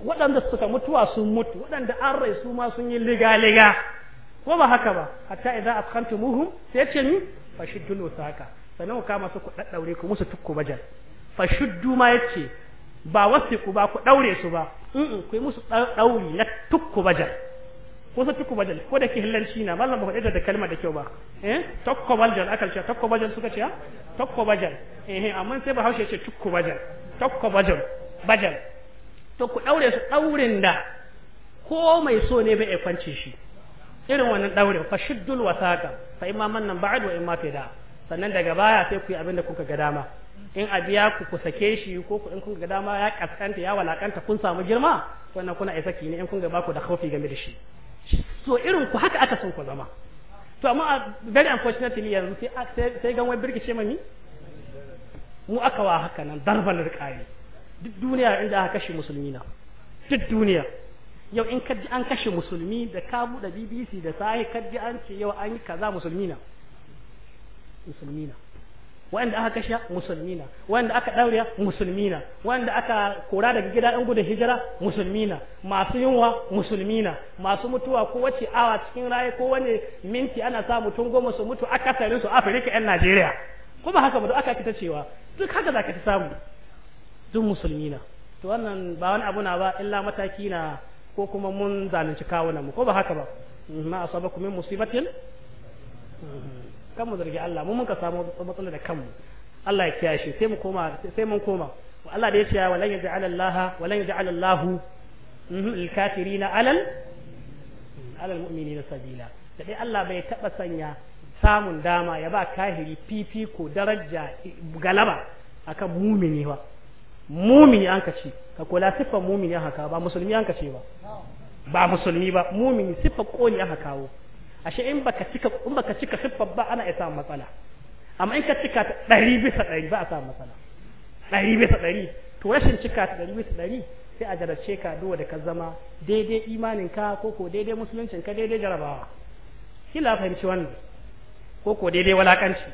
waɗanda suka mutuwa sun mutu waɗanda an rai su ma sun yi liga-liga ko ba haka ba hatta idan askanta muhum sai ce ni wasu haka sannan ku kama su ku ɗaɗɗaure ku musu tukku bajar fashiddu ma ya ce ba wasu ku ba ku ɗaure su ba in ku yi musu ɗauri na tukku bajar ko su tukku bajar ko da ke hillanci na malam ba faɗi da kalma da kyau ba eh tokko bajar aka ce tokko bajar suka ce tokko bajar eh, eh amma sai ba haushe ce tukku bajar tokko bajar bajal to ku ɗaure su ɗaurin da ko mai so ne bai kwance shi irin wannan ɗaure fa shiddul wasaqa fa imma nan ba'd wa imma fida sannan daga baya sai ku yi abin da kuka ga dama in a biya ku ku sake shi ko in kun ga dama ya kaskanta ya walakanta kun samu girma wannan kuna isa ki ne in kun ga ba ku da khaufi game da shi so irin ku haka aka son ku zama to amma uh, very unfortunately yanzu sai uh, sai gan wai birkice mami mu aka wa haka nan darban rikari duk duniya inda aka kashe musulmi na duk duniya yau in kaji an kashe musulmi da ka buɗe BBC da sahi kaji an ce yau an yi kaza musulmi na musulmi na wanda aka kashe musulmi na wanda aka daure musulmi na wanda aka kora daga gida ɗan gudun hijira musulmi na masu yunwa musulmi na masu mutuwa ko wace awa cikin raye ko wani minti ana sa mutum goma su mutu akasarin su Afirka yan Najeriya kuma haka mutu aka kita cewa duk haka za ka ta samu duk musulmi na to wannan ba wani abu na ba illa mataki na ko kuma mun zalunci kawunan mu ko ba haka ba ma asabakum min musibatin kan mu zargi Allah mu muka samu matsala da kanmu Allah ya kiyashe sai mu koma sai mun koma Allah da ya ce walan yaj'al Allah walan yaj'al Allah lil kafirina alal alal mu'minina sabila da dai Allah bai taba sanya samun dama ya ba kahiri fifiko daraja galaba akan mumini ba mumini an ka ce ka kula siffar mumini an haka ba musulmi an ka ce ba ba musulmi ba mumini siffar koli an hakawo. ashe in baka cika in baka cika siffar ba ana isa matsala amma in ka cika ta ɗari bisa ɗari ba a samu matsala ɗari bisa ɗari to rashin cika ta ɗari bisa ɗari sai a jarabce ka duwa da ka zama daidai imanin ka ko ko daidai musuluncin ka daidai jarabawa kila fahimci wannan ko ko daidai walakanci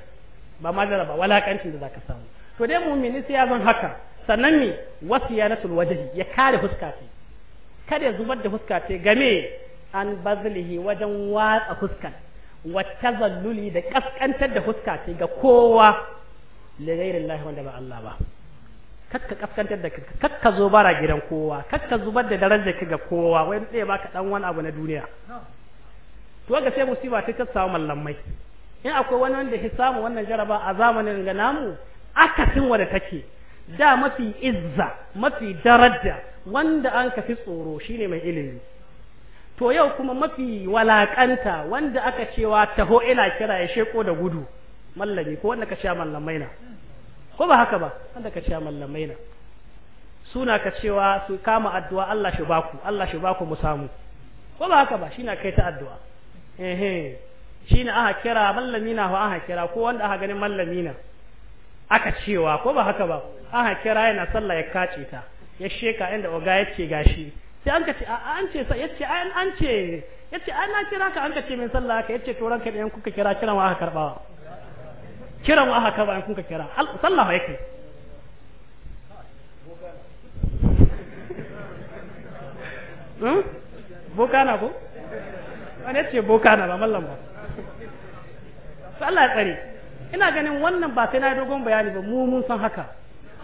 ba ma jaraba walakancin da zaka samu to dai mu'mini sai ya zan haka sannan mi wasu ya nasul wajahi ya kare fuska ce kada zubar da fuska ce game an bazlihi wajen watsa fuska wata zalluli da kaskantar da fuska ce ga kowa da gairin lahi wanda ba Allah ba kakka kaskantar da kakka zo bara gidan kowa kakka zubar da darajar ka ga kowa wai ba baka dan wani abu na duniya to ga sai musiba ta ta samu mallamai in akwai wani wanda ya samu wannan jaraba a zamanin ga namu akasin wanda take da mafi izza mafi daraja wanda an kafi tsoro shine mai ilimi to yau kuma mafi walakanta wanda aka cewa taho ina kira ya sheko da gudu mallami ko wanda ka cewa mallamai na ko ba haka ba wanda ka cewa mallamai na suna ka cewa su kama addu'a Allah shi baku Allah shi baku mu samu ko ba haka ba shi na kai ta addu'a eh eh shine aka kira mallami na ko aka kira ko wanda aka ganin mallami na aka cewa ko ba haka ba aka kira yana sallah ya kace ta ya sheka inda oga ya ce gashi sai an kace ce an ce sai yace an an ce yace an na kira ka an kace min sallah ka yace to ranka da kuka kira kiran wa aka karba kiran wa aka karba an kuka kira sallah yake hmm? boka na ko wani yace boka na ba mallam ba sallah tsare ina ganin wannan ba sai na yi dogon bayani ba mu mun san haka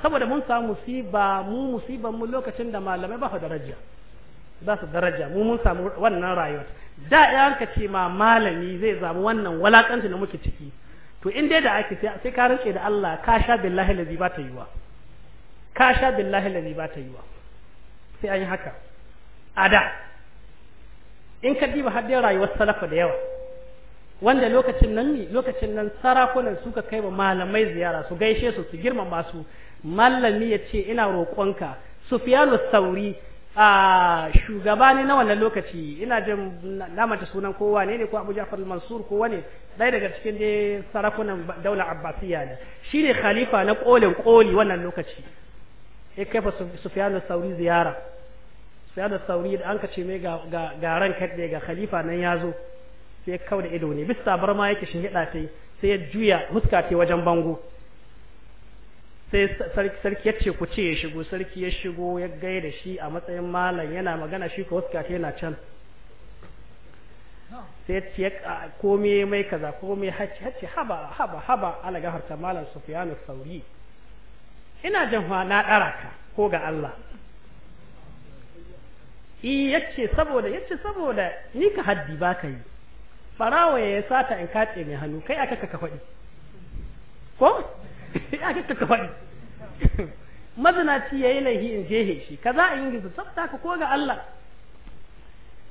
saboda mun samu musiba mu musiban mu lokacin da malamai ba su daraja ba su daraja mu mun samu wannan rayuwa da ya ka ce ma malami zai zamu wannan walakanci da muke ciki to in dai da ake sai ka rike da Allah ka sha billahi lazi ba ta yiwa ka sha billahi lazi ba ta yiwa sai an yi haka ada in ka diba har rayuwar salafa da yawa wanda lokacin nan ne lokacin nan sarakunan suka kai wa malamai ziyara su gaishe su su girmama su mallami ya ce ina roƙonka sufiyanu sauri a shugaba ne na wannan lokaci ina jin namanta sunan kowa ne ne ko abu jafar mansur ko wani ɗaya daga cikin dai sarakunan daular abbasiya ne shi ne khalifa na kolin koli wannan lokaci ya kai fa sufiyanu sauri ziyara sufiyanu sauri da an ka ce mai ga ran kaɗe ga khalifa nan ya zo sai ya da ido ne bisa bar ma yake shingida sai sai ya juya huska ta wajen bango sai sarki ya ce ku ce ya shigo sarki ya shigo ya gaida shi a matsayin malam yana magana shi ko huska ta yana can sai ya ce ah, komai mai kaza komai hacci hacci haba haba haba ala gafarta malam sufiyanu sauri ina jan na ɗara ka ko ga Allah i yace saboda yace saboda ni ka haddi ba ka yi farawa ya sata in kace mai hannu kai aka ka faɗi ko aka ka faɗi mazinaci ya yi laihi in jehe shi ka za a yi gizo tsafta ka ko ga Allah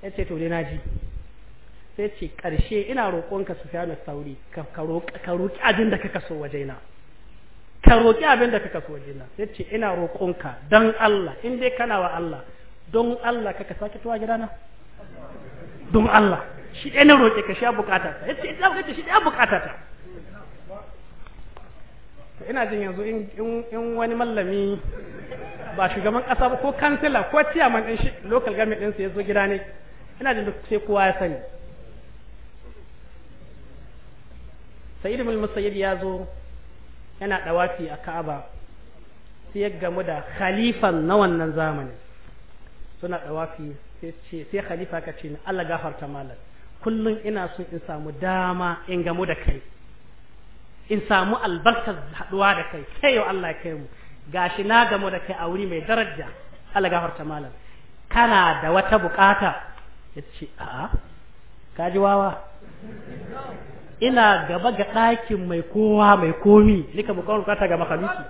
ya ce to dai na ji sai ce ƙarshe ina roƙonka su fiya sauri ka roƙi abin da ka kaso wajena ka roƙi abin da ka kaso wajena sai ce ina roƙonka don Allah in dai kana wa Allah don Allah ka ka sake tuwa gidana don Allah shi ɗaya na roƙe ka sha bukata ta yace ita roƙe shi ɗaya bukata ta ina jin yanzu in wani mallami ba shugaban ƙasa ba ko kansila ko ciyaman ɗin shi local government ɗinsa ya zo gida ne ina jin duk sai kowa ya sani sayyid ibn musayyid ya zo yana dawafi a Ka'aba sai ya gamu da khalifan na wannan zamani suna dawafi sai ce sai khalifa ka ce Allah gafarta malam kullum ina so in samu dama in gamu da kai in samu albarkar haduwa da kai sai yau Allah ya kai mu gashi na gamu da kai a wuri mai daraja Allah gafarta malam kana da wata bukata yace a'a ka ji wawa ina gaba ga ɗakin mai kowa mai komi nika kawo bukata ga makaluki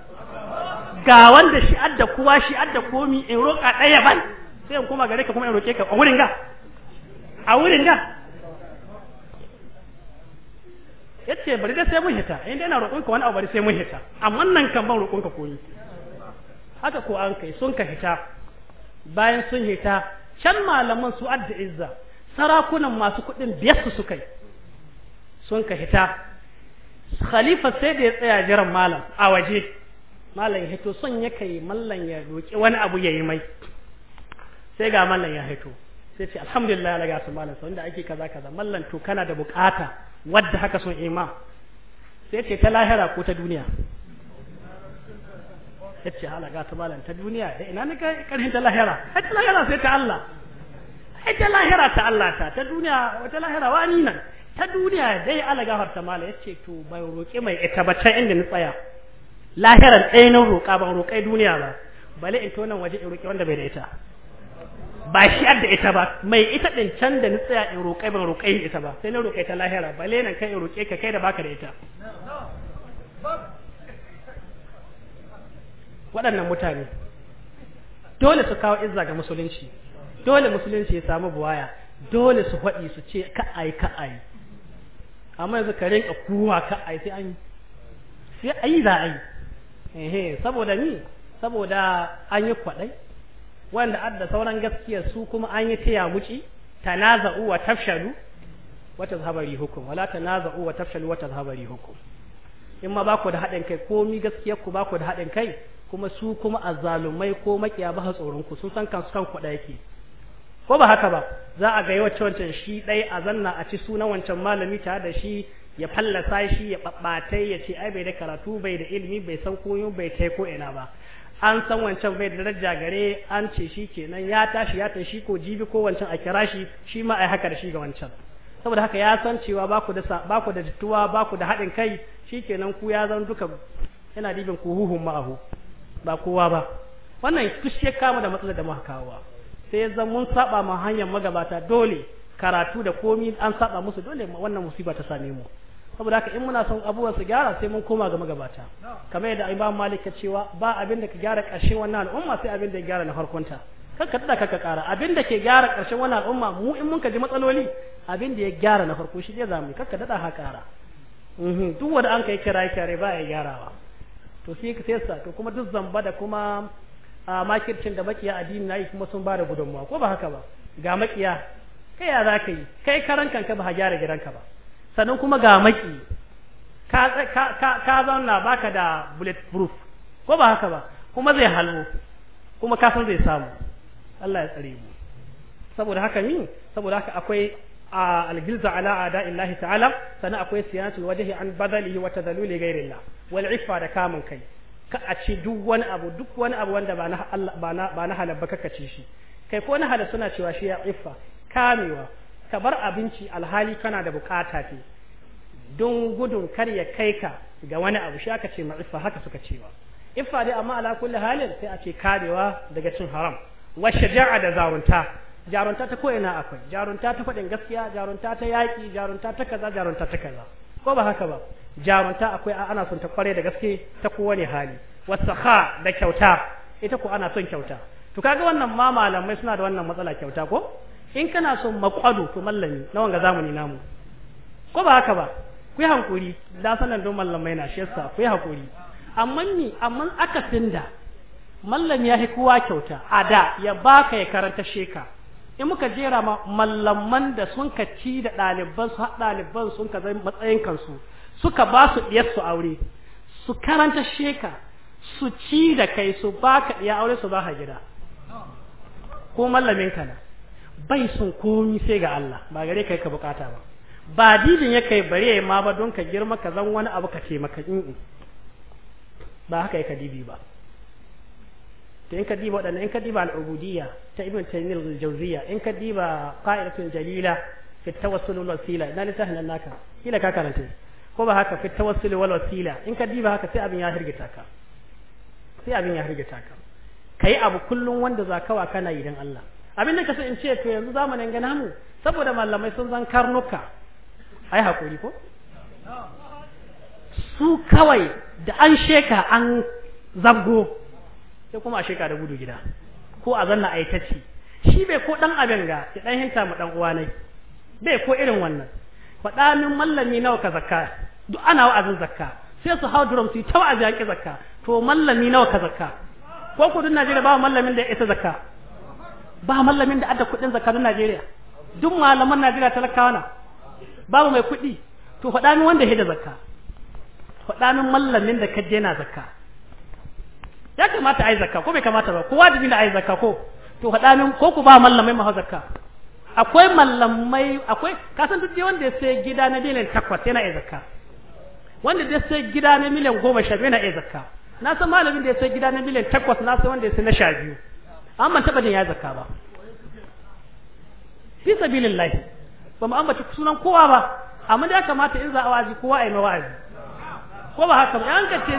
ga wanda shi adda kowa shi adda komi in roƙa ɗaya ban sai in kuma gare ka kuma in roƙe ka a wurin ga a wurin ga yace bari da sai mun hita inda ina roƙon wani abu bari sai mun hita amma nan kan ban roƙon ka koyi haka ko an kai sun ka hita bayan sun hita can malaman su adda izza sarakunan masu kuɗin biyar su suka yi sun ka hita khalifa sai da ya tsaya jiran malam a waje malam ya hito son ya kai mallan ya roƙi wani abu ya yi mai sai ga mallan ya hito sai ce alhamdulillah ya lagasa malam sau da ake kaza kaza mallan to kana da bukata wadda haka son ima sai ce ta lahira ko ta duniya ya ce hala ga malam ta duniya da ina nika karhin ta lahira ai ta lahira sai ta Allah ai ta lahira ta Allah ta ta duniya wata lahira wa ni nan ta duniya dai ala gafar ta malam ya ce to bai roƙi mai ita ba can inda ni tsaya lahiran ɗaya na roƙa ban roƙai duniya ba bale in tona waje in roƙi wanda bai da ita ba shi da ita ba mai ita din can da ni tsaya in roƙai ban roƙai ita ba sai na roƙe ta lahira ba nan kai in roƙe ka kai da baka da ita waɗannan mutane dole su kawo izza ga musulunci dole musulunci ya samu buwaya dole su faɗi su ce ka'ai ka'ai amma yanzu ka rinka kuwa ka'ai sai an sai ai za a yi saboda ni saboda an yi kwaɗai wanda adda sauran gaskiya su kuma an yi taya guci tanaza'u wa tafshalu wata zahabari hukum wala tanaza'u wa tafshalu wata zahabari hukum in ma baku da haɗin kai komi gaskiyar ku baku da haɗin kai kuma su kuma azzalumai ko makiya ba tsoron ku sun san kansu kan kuɗa yake ko ba haka ba za a ga yawancin wancan shi ɗai a zanna a ci sunan wancan malami tare da shi ya fallasa shi ya babbatai ya ce ai bai da karatu bai da ilimi bai san koyo bai kai ko ina ba an san wancan bai da daraja gare an ce shi kenan ya tashi ya tashi ko jibi ko wancan a kira shi shi ma a haka da shi ga wancan saboda haka ya san cewa ba ku da da jituwa ba ku da haɗin kai kenan ku ya zan duka yana dibin ku huhun ma'ahu ba kowa ba wannan kushi ya kama da matsalar da muka kawo sai ya zan mun saba ma hanyar magabata dole karatu da komi an saba musu dole wannan musiba ta same mu saboda haka in muna son abubuwan su gyara sai mun koma ga magabata kamar yadda imam malik ya cewa ba abin da ka gyara ƙarshen wannan al'umma sai abin da ya gyara na farkonta kan ka tada ka kara abin da ke gyara ƙarshen wannan al'umma mu in mun ka ji matsaloli abin da ya gyara na farko shi ne zamu kan ka tada ha kara duk wanda an kai kira kare ba ya gyarawa to sai ka sai to kuma duk zamba da kuma a makircin da makiya addini nayi kuma sun ba da gudunmawa ko ba haka ba ga makiya kai ya za ka yi kai karan kanka ba ha gyara gidanka ba sannan kuma ga maki ka zauna baka da bulletproof ko ba haka ba kuma zai halo kuma kasan zai samu Allah ya tsare mu saboda haka ni saboda haka akwai algilza ala ada illahi ta'ala sannan akwai siyanatul wajhi an badalihi wa tadalluli ghairillah wal ifa da kamun kai ka a ce duk wani abu duk wani abu wanda ba na ba na ba kaka ce shi kai ko na hada suna cewa shi ya ifa kamewa ka bar abinci alhali kana da bukata ce don gudun kar ya kai ka ga wani abu shi aka ce ma'ifa haka suka cewa iffa dai amma ala kulli halin sai a ce karewa daga cin haram wa shaja'a da zarunta jarunta ta ko ina akwai jarunta ta faɗin gaskiya jarunta ta yaki jarunta ta kaza jarunta ta kaza ko ba haka ba jarunta akwai ana son ta kware da gaske ta kowane hali wasakha da kyauta ita ko ana son kyauta to kaga wannan ma malamai suna da wannan matsala kyauta ko in kana son makwado to mallami na wanga zamani namu ko ba haka ba ku yi hankuri da sanan don mallamai na shi yasa ku yi hakuri amma ni amma aka tinda mallam ya kowa kyauta a da ya baka ya karanta sheka in muka jera ma mallaman da sun ka ci da ɗaliban su ɗaliban sun ka zai matsayin kansu suka ba su ɗiyar su aure su karanta sheka su ci da kai su baka ɗiya aure su ba gida ko mallamin ka na. bai son komi sai ga Allah ba gare kai ka bukata ba ba didin ya kai bare ma ba don ka girma ka zan wani abu ka ce maka in ba haka ka dibi ba to in ka diba wadannan in ka diba al-ubudiyya ta ibn taymiyyah al-jawziyya in ka diba qa'idatun jalila fi tawassul wal wasila na littafin nan naka kila ka karanta ko ba haka fi tawassul wal wasila in ka diba haka sai abin ya hirgita ka sai abin ya hirgita ka kai abu kullun wanda zakawa kana yi dan Allah abin da kasu in ce to yanzu zamanin gana mu saboda malamai sun zan karnuka ai hakuri ko su kawai da an sheka an zabgo sai kuma a sheka da gudu gida ko a zanna a yi shi bai ko dan abin ga ya dan hinta mu dan uwa nai bai ko irin wannan faɗa min mallami nawa ka zakka duk ana wa'azin zakka sai su hau drum su yi ta wa'azi yaƙi zakka to mallami nawa ka zakka ko ku duk Najeriya ba mallamin da ya isa zakka ba mallamin da adda kuɗin zakarun Najeriya duk malaman Najeriya talakawa na babu mai kuɗi to faɗa min wanda ya da zakka faɗa min mallamin da ka na zakka ya kamata ai zakka ko bai kamata ba ko da na ai zakka ko to faɗa min ko ku ba mallamai maha zakka akwai mallamai akwai ka san duk wanda ya sai gida na miliyan takwas yana ai zakka wanda ya sai gida na miliyan goma sha biyu yana iya zakka na san malamin da ya sai gida na miliyan takwas na san wanda ya sai na sha biyu an ban taba jin ya zakka ba fi sabilillah ba mu ambaci sunan kowa ba amma da kamata in za a wazi kowa ai mawazi ko ba haka ba an kace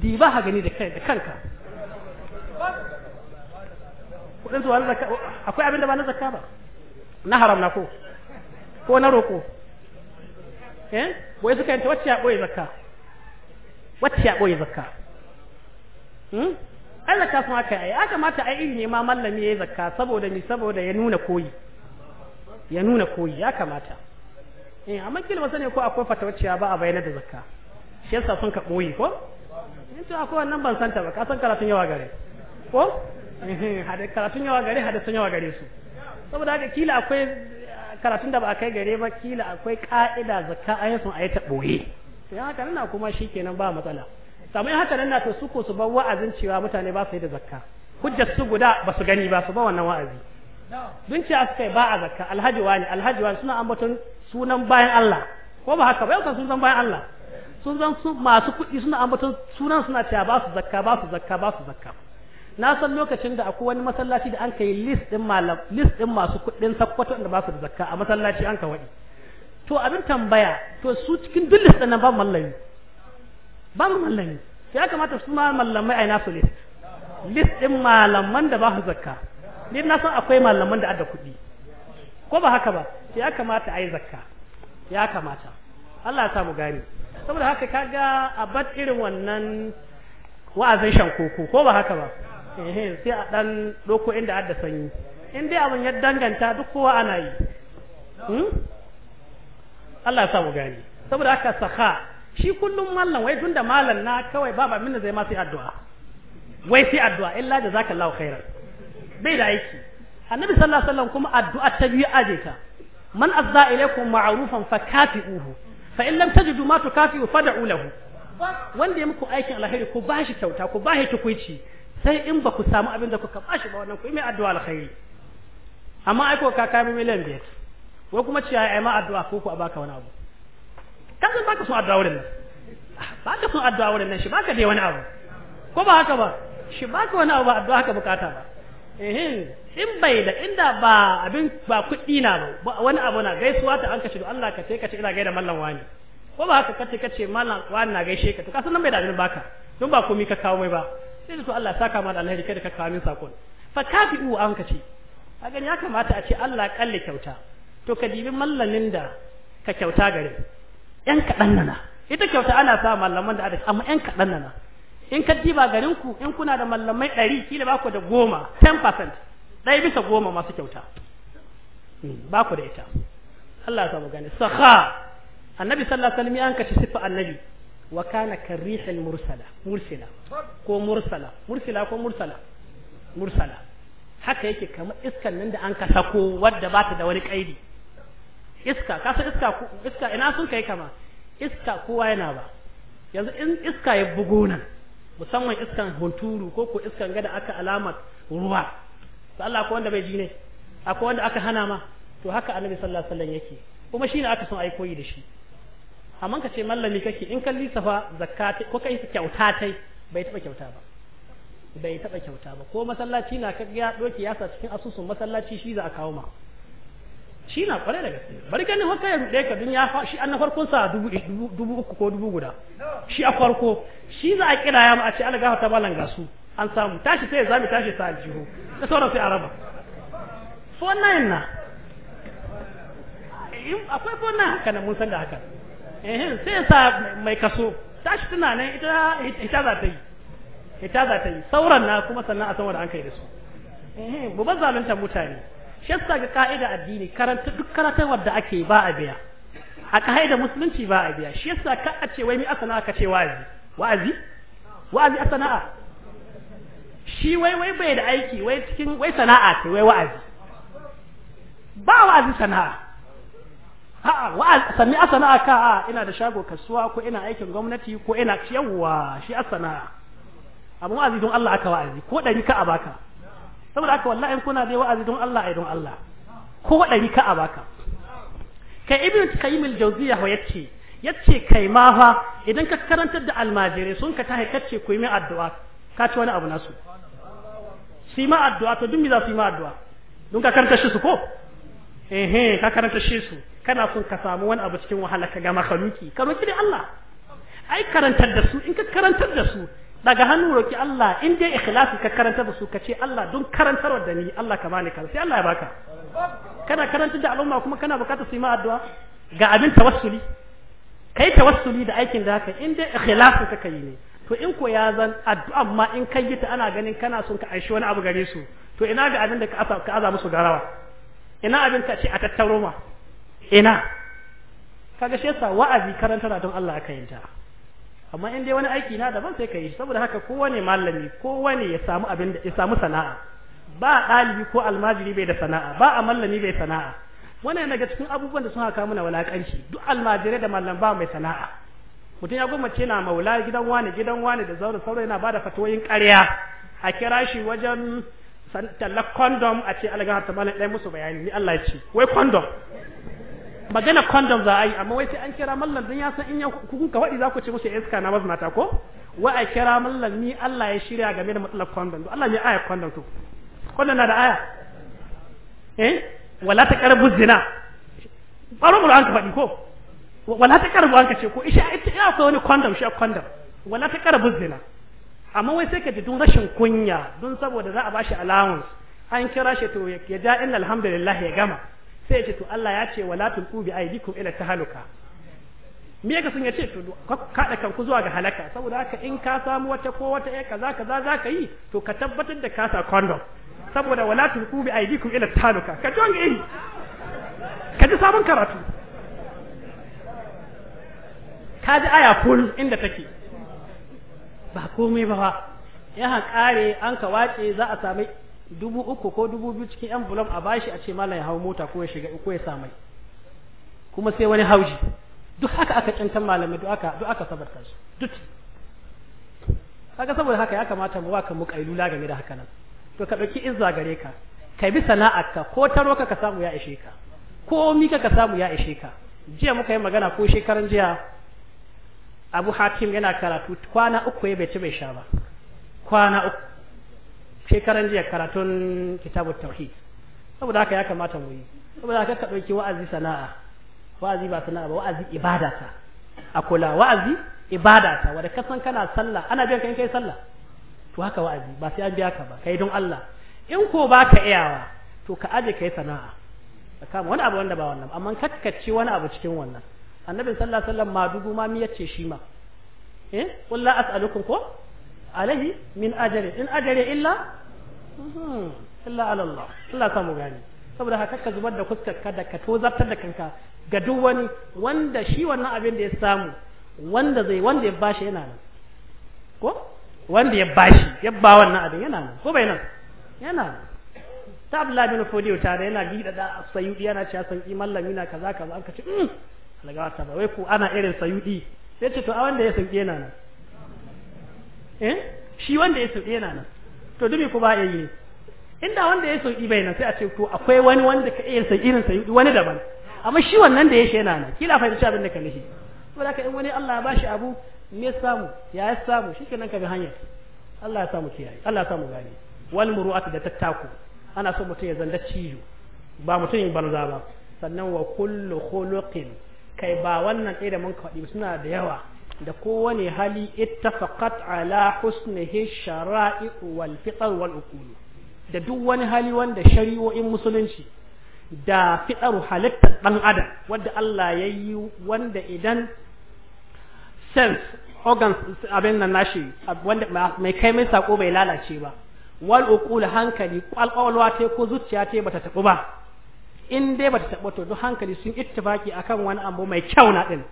di ba ha gani da kai da kanka kudin zuwa na zakka akwai abin da ba na zakka ba na haram na ko ko na roko eh boye suka yanta wacce ya boye zakka wacce ya boye zakka Hmm? Allah ka san aka yi aka mata ai ne ma mallami yayi zakka saboda mi saboda ya nuna koyi ya nuna koyi ya kamata eh amma kila ba sani ko akwai fatawacciya ba a bayyana da zakka shi yasa sun ka koyi ko in eh, to akwai wannan ban santa ba ka san karatun yawa gare ko eh, hada karatun yawa gare hada sun yawa gare su saboda haka kila akwai eh, karatun da ba a kai gare ba kila akwai ka'ida zakka ayatun ayata boye sai haka nan kuma shikenan ba matsala samu haka nan na to su ko su bar wa'azin cewa mutane ba su yi da zakka hujjar su guda ba su gani ba su ba wannan wa'azi dun ce aka yi ba a zakka alhaji wani alhaji wani suna ambaton sunan bayan Allah ko ba haka ba yau sun san bayan Allah sun san su masu kuɗi suna ambaton sunan suna cewa ba su zakka ba su zakka ba su zakka na san lokacin da akwai wani masallaci da an kai list din malam list din masu kuɗin sakkwato da ba su da zakka a masallaci an ka waɗi to abin tambaya to su cikin dullis list nan ba mallami ba mu mallami ya kamata su ma mallamai yi nasu list list din malaman da ba su zakka ni na san akwai malaman da adda kuɗi ko ba haka ba ya kamata yi zakka ya kamata Allah ya sa mu gane saboda haka kaga a bat irin wannan wa'azin shan koko ko ba haka ba eh sai a dan doko inda adda sanyi in dai abin ya danganta duk kowa ana yi hmm? Allah ya sa mu gane saboda haka sakha shi kullum mallam wai tunda mallam na kawai baba minna zai ma sai addu'a wai sai addu'a illa jazakallahu khairan bai da aiki annabi sallallahu alaihi wasallam kuma addu'a ta biyu aje ta man azza ilaikum ma'rufan fakafi'uhu fa in lam tajidu ma tukafi'u fad'u lahu wanda ya muku aikin alkhairi ku bashi kyauta ku bashi tukuici sai in ba ku samu abin da kuka bashi ba wannan ku mai addu'a alkhairi amma ai ko ka miliyan biyar wai kuma ciya ai ma addu'a ko ku a baka wani abu ka san baka son addu'a wurin nan baka son addu'a wurin nan shi baka dai wani abu ko ba haka ba shi baka wani abu ba addu'a haka bukata ba eh in bai da inda ba abin ba kuɗi na ba wani abu na gaisuwa ta an kace Allah ka ce ka ina gaida mallan wani ko ba haka kace kace mallan wani na gaishe ka to ka san nan bai da abin baka don ba komai ka kawo mai ba sai to Allah saka ma da alheri da ka kawo min sakon fa kafi'u an kace a gani ya kamata a ce Allah kalle kyauta to ka dibi mallamin da ka kyauta gare yan kaɗan nana ita kyauta ana sa malaman da adadi amma yan kaɗan nana in ka diba garin ku in kuna da malamai ɗari kila ba ku da goma 10% ɗaya bisa goma masu kyauta hmm, ba ku da ita Allah ya samu gane sakha annabi sallallahu alaihi wasallam an sifa annabi wa kana karihil mursala mursala ko mursala mursala ko mursala mursala haka yake kamar iskan nan da an ka sako wadda ba ta da wani kaidi iska ka san iska iska ina sun kai kama iska kowa yana ba yanzu in iska ya bugo nan musamman iskan hunturu ko ko iskan gada aka alamar ruwa to Allah ko wanda bai ji ne akwai wanda aka hana ma to haka annabi sallallahu alaihi wasallam yake kuma shine aka son ai koyi da shi amma ka ce mallami kake in kalli safa zakati ko kai kyauta tai bai taba kyauta ba bai taba kyauta ba ko masallaci na kaga ya doki yasa cikin asusun masallaci shi za a kawo ma shi na kware da gaske bari ganin haka ya rude ka dun ya fa shi an na farkon sa dubu dubu uku ko dubu guda shi a farko shi za a kira ya a ce an gafa ta balan gasu an samu tashi sai zami tashi sa aljihu da sauran sai araba phone nine na akwai phone haka na mun san da haka eh sai sa mai kaso tashi nan ita ita za ta yi ita za ta yi sauran na kuma sannan a san wanda an kai da su eh bu zalunta mutane shi ga ka'ida addini karanta duk karatarwar da ake ba a biya a ka'ida musulunci ba a biya shi yasa ka a ce wai mi asana ka ce wa'azi wa'azi wa'azi asana'a shi wai wai bai da aiki wai cikin wai sana'a ce wai wa'azi ba wa'azi sana'a Ha'a wa'azi sanni asana'a ka a ina da shago kasuwa ko ina aikin gwamnati ko ina ciyawwa shi asana'a amma wa'azi don Allah aka wa'azi ko dari ka a baka saboda haka wallahi in kuna dai wa'azi don Allah ai don Allah ko wadari ka a baka kai ibn qayyim al-jawziya ho yace yace kai ma fa idan ka karantar da almajiri sun ka tahi kace ku yi min addu'a ka ci wani abu nasu su yi ma addu'a to dun mi za su yi ma addu'a don ka karanta shi su ko eh eh ka karanta shi su kana son ka samu wani abu cikin wahala ka ga makaluki ka roki dai Allah ai karantar da su in ka karantar da su daga hannu roki Allah in dai ikhlasi ka karanta da su ka ce Allah don karantarwa da ni Allah ka bani kaza sai Allah ya baka kana karanta da al'umma kuma kana buƙatar su yi ma addu'a ga abin tawassuli kai tawassuli da aikin da haka in dai ikhlasi ka kai ne to in ko ya zan addu'a ma in kai yi ta ana ganin kana son ka aishi wani abu gare su to ina ga abin da ka aza musu garawa ina abin ka ce a tattaro ma ina kaga shi yasa wa'azi da don Allah aka yi amma in dai wani aiki na daban sai ka yi saboda haka kowane malami kowane ya samu abin da ya samu sana'a ba ɗalibi ko almajiri bai da sana'a ba a mallami bai sana'a wannan daga cikin abubuwan da sun haka muna walakanci duk almajirai da mallam ba mai sana'a mutum ya gwammace na maula gidan wani gidan wani da zaune sauro yana bada fatoyin ƙarya a kira shi wajen tallar condom a ce algahar ta mallam ɗaya musu bayani ni Allah ya ce wai kondom magana condom za a yi amma wai sai an kira mallan don ya san in ya kuku ka faɗi za ku ce musu iska na ta ko wai a kira mallan ni Allah ya shirya game da matsalar condom to Allah ne aya condom to condom na da aya eh wala ta karbu zina baro mu an ka faɗi ko wala ta karbu an ka ce ko isha ita ya so wani condom shi condom wala ta karbu zina amma wai sai ka ji dun rashin kunya dun saboda za a bashi allowance an kira shi to ya da inna alhamdulillah ya gama sai ce to Allah ya ce wala tulqu bi aydikum ila tahaluka me yake sun yace to kada kanku zuwa ga halaka saboda haka in ka samu wata ko wata eh kaza kaza zaka yi to ka tabbatar da ka sa condom saboda wala tulqu bi aydikum ila tahaluka ka jonge eh ka ji sabon karatu ka ji aya full inda take ba komai ba ya kare an ka wace za a sami dubu uku ko dubu biyu cikin y'an bulon a bashi a ce malam ya hau mota ko ya shiga ko ya samai kuma sai wani hauji duk haka aka cancan malamai duk aka duk aka sabarta su duk kaga saboda haka ya kamata mu waka mu kailula game da haka nan to ka dauki izza gare ka kai bi sana'arka ko taro ka ka samu ya ishe ka ko mi ka ka samu ya ishe ka jiya muka yi magana ko shekaran jiya Abu Hakim yana karatu kwana uku ya bai ci bai sha ba kwana uku shekaran jiya karatun kitabu tauhid saboda haka ya kamata mu yi saboda haka ka dauki wa'azi sana'a wa'azi ba sana'a ba wa'azi ibada ta a kula wa'azi ibada ta wanda ka san kana sallah ana biyan ka kai sallah to haka wa'azi ba sai an biya ka ba kai don Allah in ko ba ka iyawa to ka aje kai sana'a kama wani abu wanda ba wannan amma kakkacce wani abu cikin wannan annabi sallallahu alaihi wasallam ma dubu ma mi yace shi ma eh qul as'alukum ko alaihi min ajari in ajari illa illa ala Allah Allah samu gani saboda haka ka zubar da fuskar ka da ka tozartar da kanka ga duk wani wanda shi wannan abin da ya samu wanda zai wanda ya bashi yana nan ko wanda ya bashi ya ba wannan abin yana nan ko bai nan yana nan ta abdullahi bin fodiyo tare yana gida da sayudi yana cewa san imallami na kaza kaza an ka ce alagawa ta ba wai ko ana irin sayudi sai ce to a wanda ya sauke yana nan Eh? shi wanda ya sauki yana nan to dumi ku ba ya yi inda wanda ya sauki bai nan sai a ce to akwai wani wanda ka iya sauki irin sai wani daban amma shi wannan da ya shi yana nan kila fahimci abin da ka nishi saboda ka in wani Allah ya bashi abu me samu ya ya samu shikenan ka ga hanyar Allah ya samu kiyaye Allah ya samu gani wal muru'atu da tattaku ana so mutum ya zanda ciyo ba mutum yin banza ba sannan wa kullu khuluqin kai ba wannan ɗaya da mun faɗi suna da yawa da kowane hali ittafaqat ala husnihi shara'i wal fitar wal uqul da duk wani hali wanda shari'o'in musulunci da fitar halittar ɗan adam wanda Allah yayi wanda idan sense organs abin nan nashi wanda mai kai mai sako bai lalace ba wal uqul hankali kwalkwalwa ta ko zuciya ta bata tabu ba in dai bata tabu to duk hankali sun ittifaki akan wani abu mai kyau na din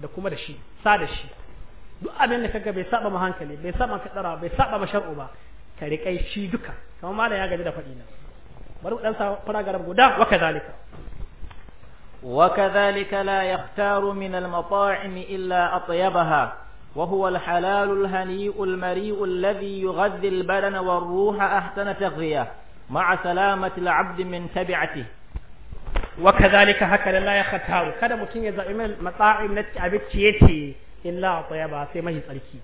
da kuma da shi sa da shi duk abin da kaga bai saba ma hankali bai saba kadara bai saba ma shar'u ba ka riƙai shi duka kamar malam ya gaji da faɗi na bari dan sa paragraph guda wa kadhalika wa kadhalika la yahtaru min al mata'im illa atyabaha وهو الحلال الهنيء المريء الذي يغذي البدن والروح أحسن تغذية مع سلامة العبد min تبعته wa kadhalika haka la yakhtaru kada mutum ya zabi mai matsa'im na abinci yace illa tayyaba sai mai tsarki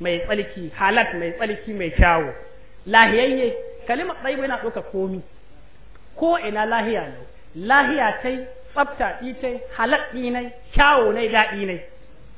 mai tsarki halat mai tsarki mai kyawu lahiyayye kalimar tsayiba yana ɗauka komi ko ina lahiya ne lahiya tai tsafta ɗi halat ɗi ne kyawu ne daɗi ne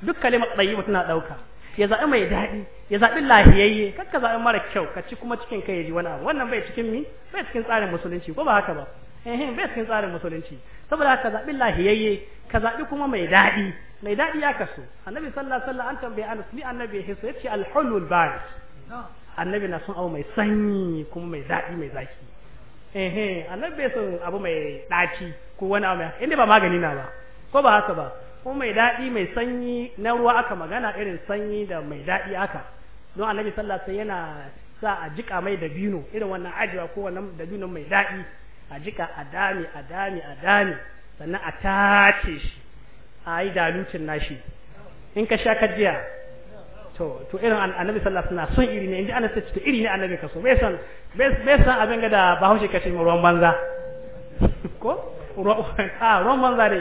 duk kalimar tsayiba tana ɗauka ya zaɓi mai daɗi ya zaɓi lahiyayye kakka zabi mara kyau ka ci kuma cikin kai ya ji wani abu wannan bai cikin mi bai cikin tsarin musulunci ko ba haka ba eh bai cikin tsarin musulunci saboda ka zaɓi lahiyayye ka zaɓi kuma mai daɗi mai daɗi ya kaso annabi sallallahu alaihi wasallam an tambaye Anas ni annabi hisa yace al-hulul baris annabi na son abu mai sanyi kuma mai daɗi mai zaki eh eh annabi bai son abu mai daci ko wani abu inda ba magani na ba ko ba haka ba ko mai daɗi mai sanyi na ruwa aka magana irin sanyi da mai daɗi aka don annabi sallallahu alaihi wasallam yana sa a jika mai dabino irin wannan ajiwa ko wannan dabino mai daɗi. a jika a dame a dame a dame sannan a tace shi a yi dalutin nashi in ka sha kajiya to to irin annabi sallallahu alaihi wasallam sun iri ne inda annabi ce iri ne annabi kaso bai san bai san abin ga da bahaushe kace ruwan banza ko ruwan banza ne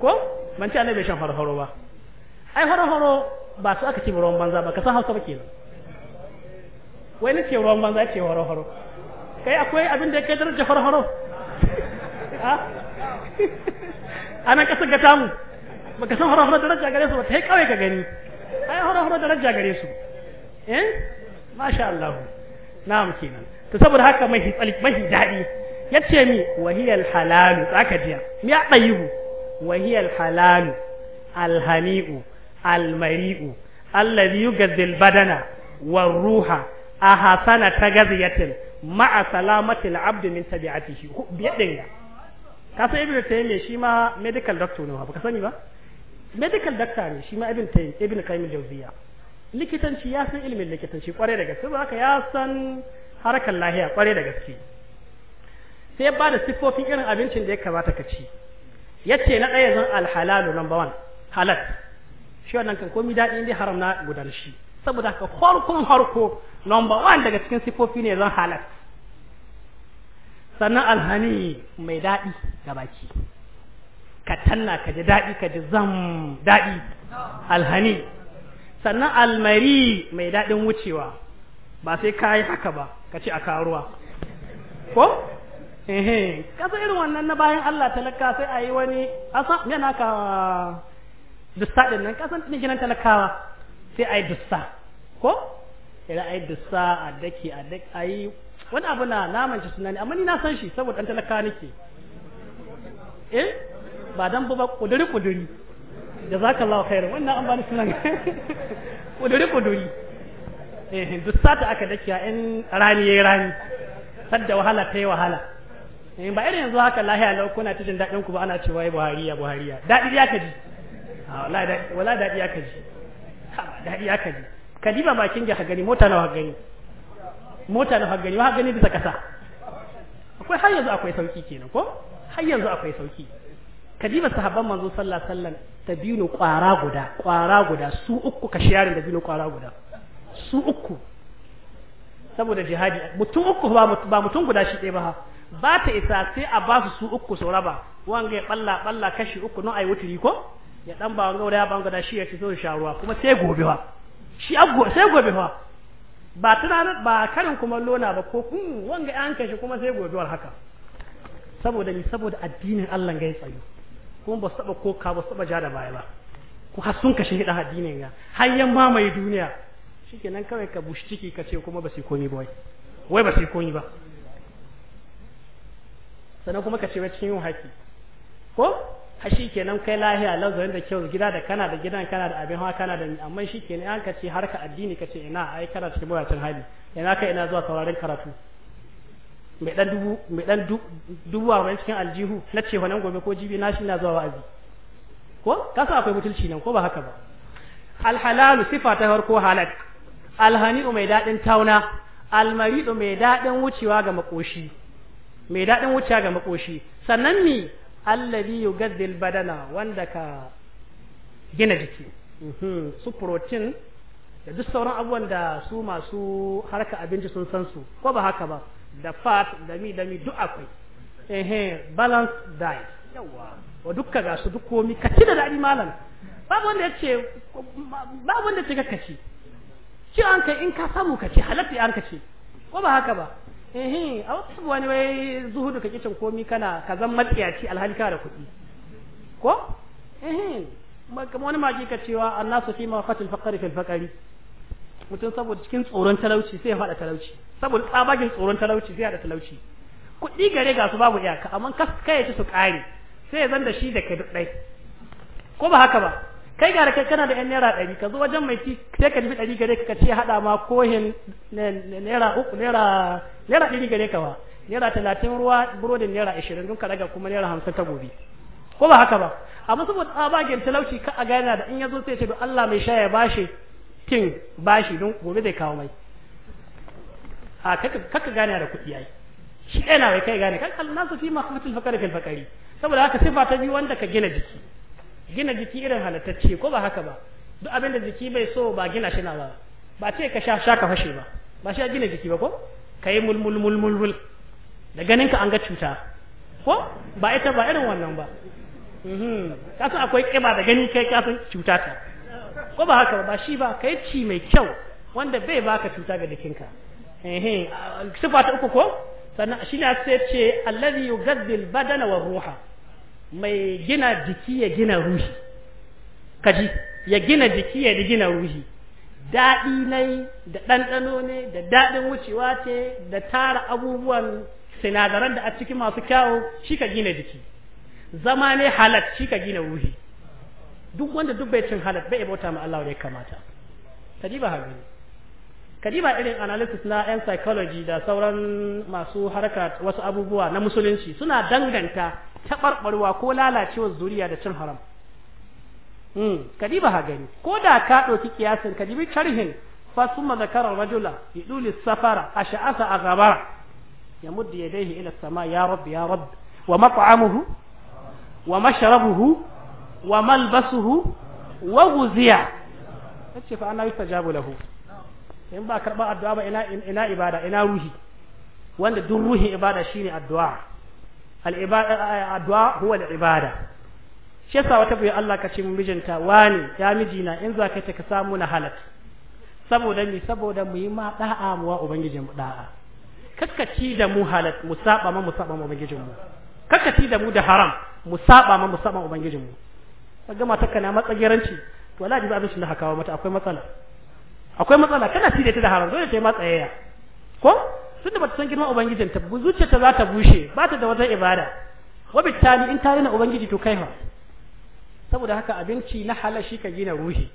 ko ban ci annabi shan farfaro ba ai farfaro ba su aka ce ruwan banza ba ka san hausa ba kenan wai ne ce ruwan banza ce farfaro kai akwai abin da ya kai daraja farfaro ana kasar ga tamu baka san farfaro daraja gare su ba ta yi kawai ka gani ai farfaro daraja gare su eh masha Allah na'am kenan to saboda haka mai tsalik mai dadi yace mi wahiyal halal zaka jiya mi ya dayihu wahiyal halalu alhani'u almari'u alladhi yugaddil badana war ruha a hasana ta gaziyatin ma'a salamatin abdu min tabi'atihi biyar dinga ka san ibnu taymiya shi ma medical doctor ne ba ka sani ba medical doctor ne shi ma ibn tayyib ibn qayyim al-jawziya likitanci ya san ilimin likitanci kware da gaske haka ya san harkar lahiya kware da gaske sai ba da sifofin irin abincin da ya kamata ka ci yace na ɗaya zan alhalalu number one halal shi wannan kan komi daɗi ne haram na gudanar shi saboda ka farkon farko number one daga cikin sifofi ne zan halar sannan alhani mai daɗi ga baki ka tanna ka ji daɗi ka ji zam daɗi alhani sannan almari mai daɗin wucewa ba sai ka yi haka ba ka ce a karuwa ko ehe kasa irin wannan na bayan Allah talaka sai a yi wani asa yana ka dusta ɗin nan kasan gidan talakawa sai a yi dusta ko ira ai sa a dake a dake ai wani abu na namance sunani amma ni na san shi saboda dan talaka nake eh ba dan ba kuduri kuduri jazakallahu khairan wannan an bani sunan kuduri kuduri eh sa ta aka dake a in rani yayi rani sadda wahala tayi wahala eh ba irin yanzu haka lahiya lau kuna tijin dadin ku ba ana cewa ai buhariya buhariya dadi ya kaji ah, wallahi dadi wallahi dadi ya kaji dadi ya kaji Kadiba ba bakin ga gani mota nawa gani mota nawa gani wa gani bisa kasa akwai har yanzu akwai sauki kenan ko har yanzu akwai sauki kadiba diba sahabban manzo sallallahu alaihi wasallam tabinu kwara guda kwara guda su uku ka shiyarin binu kwara guda su uku saboda jihadi mutum uku ba mutum guda shi ɗaya ba ba ta isa sai a ba su su uku su raba wanga ya balla balla kashi uku nan ayi wuturi ko ya dan ba wanga ya ban wanga da shi ya ci so sharuwa kuma sai gobe ba shi aggo sai gobe fa ba tunanin ba karin kuma lona ba ko kun hmm, wanga an kashi kuma sai gobe war haka saboda ni saboda addinin Allah ga ya tsayo kuma ba su ko ka ba su taba ja da baya ba ku har sun kashi hida addinin ga har yan mamaye duniya shikenan kawai ka bushi ciki ka ce kuma ba sai komi ba wai wai ba sai komi ba sannan kuma ka ce wai cikin yin haki ko a shi kenan kai lahiya lazarin da kyau gida da kana da gidan kana da abin hawa kana da ni amma shi kenan an ka ce harka addini ka ce ina ai kana cikin mawacin hali ina kai ina zuwa sauraron karatu mai dan dubu mai dan dubu a cikin aljihu na ce wannan gobe ko jibi na shi na zuwa wa'azi ko ka akwai mutunci nan ko ba haka ba alhalalu sifa ta farko halal alhani'u mai dadin tauna almaridu mai dadin wucewa ga makoshi mai dadin wucewa ga makoshi sannan mi allazi yugaddil badana wanda ka gina jiki mhm. su protein da duk sauran abubuwan da su masu harka abinci sun san su ko ba haka ba da fat da mi da mi duk akwai eh balance diet yawa wa dukka ga su duk komi kaci da dadi malam babu wanda yace babu wanda yace ka kaci ci an kai in ka samu kaci halatti an kaci ko ba haka ba eh a wasu wani wai zuhu ka kicin komi kana ka zan matsiyaci alhali ka da kuɗi ko eh wani maji ka cewa annasu fi mafatil fakari fil fakari mutum saboda cikin tsoron talauci sai ya faɗa talauci saboda tsabagin tsoron talauci sai ya faɗa talauci kuɗi gare ga su babu iyaka amma kas kai ci su ƙare sai ya zan da shi da kai duk ɗai ko ba haka ba kai gara kai kana da yan naira ɗari ka zo wajen mai ci sai ka dubi ɗari gare ka ce haɗa ma kohin naira uku naira naira ɗari gare ka ba naira talatin ruwa burodin naira ashirin don ka raga kuma naira hamsin ta gobe ko ba haka ba amma saboda tsabagen talauci ka a gana da in ya zo sai ce Allah mai sha ya bashi tin bashi don gobe zai kawo mai a kaka gane da kuɗi yayi shi ɗaya na bai kai gane kan Allah nasu fi mahafatul fakari fil fakari saboda haka sifa ta biyu wanda ka gina jiki gina jiki irin halattacce ko ba haka ba duk abin da jiki bai so ba gina shi na ba ba ce ka sha sha ka fashe ba ba shi gina jiki ba ko ka yi mulmul mulmul mul da ganin ka an ga cuta ko ba ita ba irin wannan ba mhm. ka san akwai kiba da gani kai ka san cuta ta ko ba haka ba shi ba kai ci mai kyau wanda bai baka cuta ga jikinka eh sifa ta uku ko sannan shi ne sai ce allazi yughaddi badana wa ruha mai gina jiki ya gina ruhi kaji ya gina jiki ya gina ruhi daɗi ne da ɗanɗano ne da daɗin wucewa ce da tara abubuwan sinadaran da a cikin masu kyawu shi ka gina jiki zama ne halat shi ka gina ruhi duk wanda duk bai cin halat bai bauta ma Allah ya kamata Ka ka ji ba irin analysis na yan psychology da sauran masu harka wasu abubuwa na musulunci suna danganta taɓarɓarwa ko lalacewar zuriya da cin haram hmm kadi ba gani ko da ka ɗauki kiyasin ka bi sharhin fa summa zakara rajula yudul safara ash'asa ya yamuddu yadayhi ila sama ya rabb ya rabb wa mat'amuhu wa mashrabuhu wa malbasuhu wa ghuziya kace fa ana yustajabu lahu in ba karba addu'a ba ina ina ibada ina ruhi wanda duk ruhi ibada shine addu'a al ibada addu'a huwa al ibada shi yasa wata bai Allah ka ce mijinta wani ya mijina in za ka ta ka samu na halat saboda mi saboda mu yi ma da'a muwa ubangijin mu da'a kakkaci da mu halat mu saba ma mu saba ma ubangijin mu kakkaci da mu da haram mu saba ma mu saba ubangijin mu kaga mata kana matsagiranci to wallahi ba abin shi da hakawa mata akwai matsala akwai matsala kana ci da ta da haram dole ta yi matsayaya ko tun da bata san girman ubangijin ta zuciyarta za ta bushe ba ta da wata ibada wabitali in ta rina ubangiji to kai fa saboda haka abinci na halal shi ka gina ruhi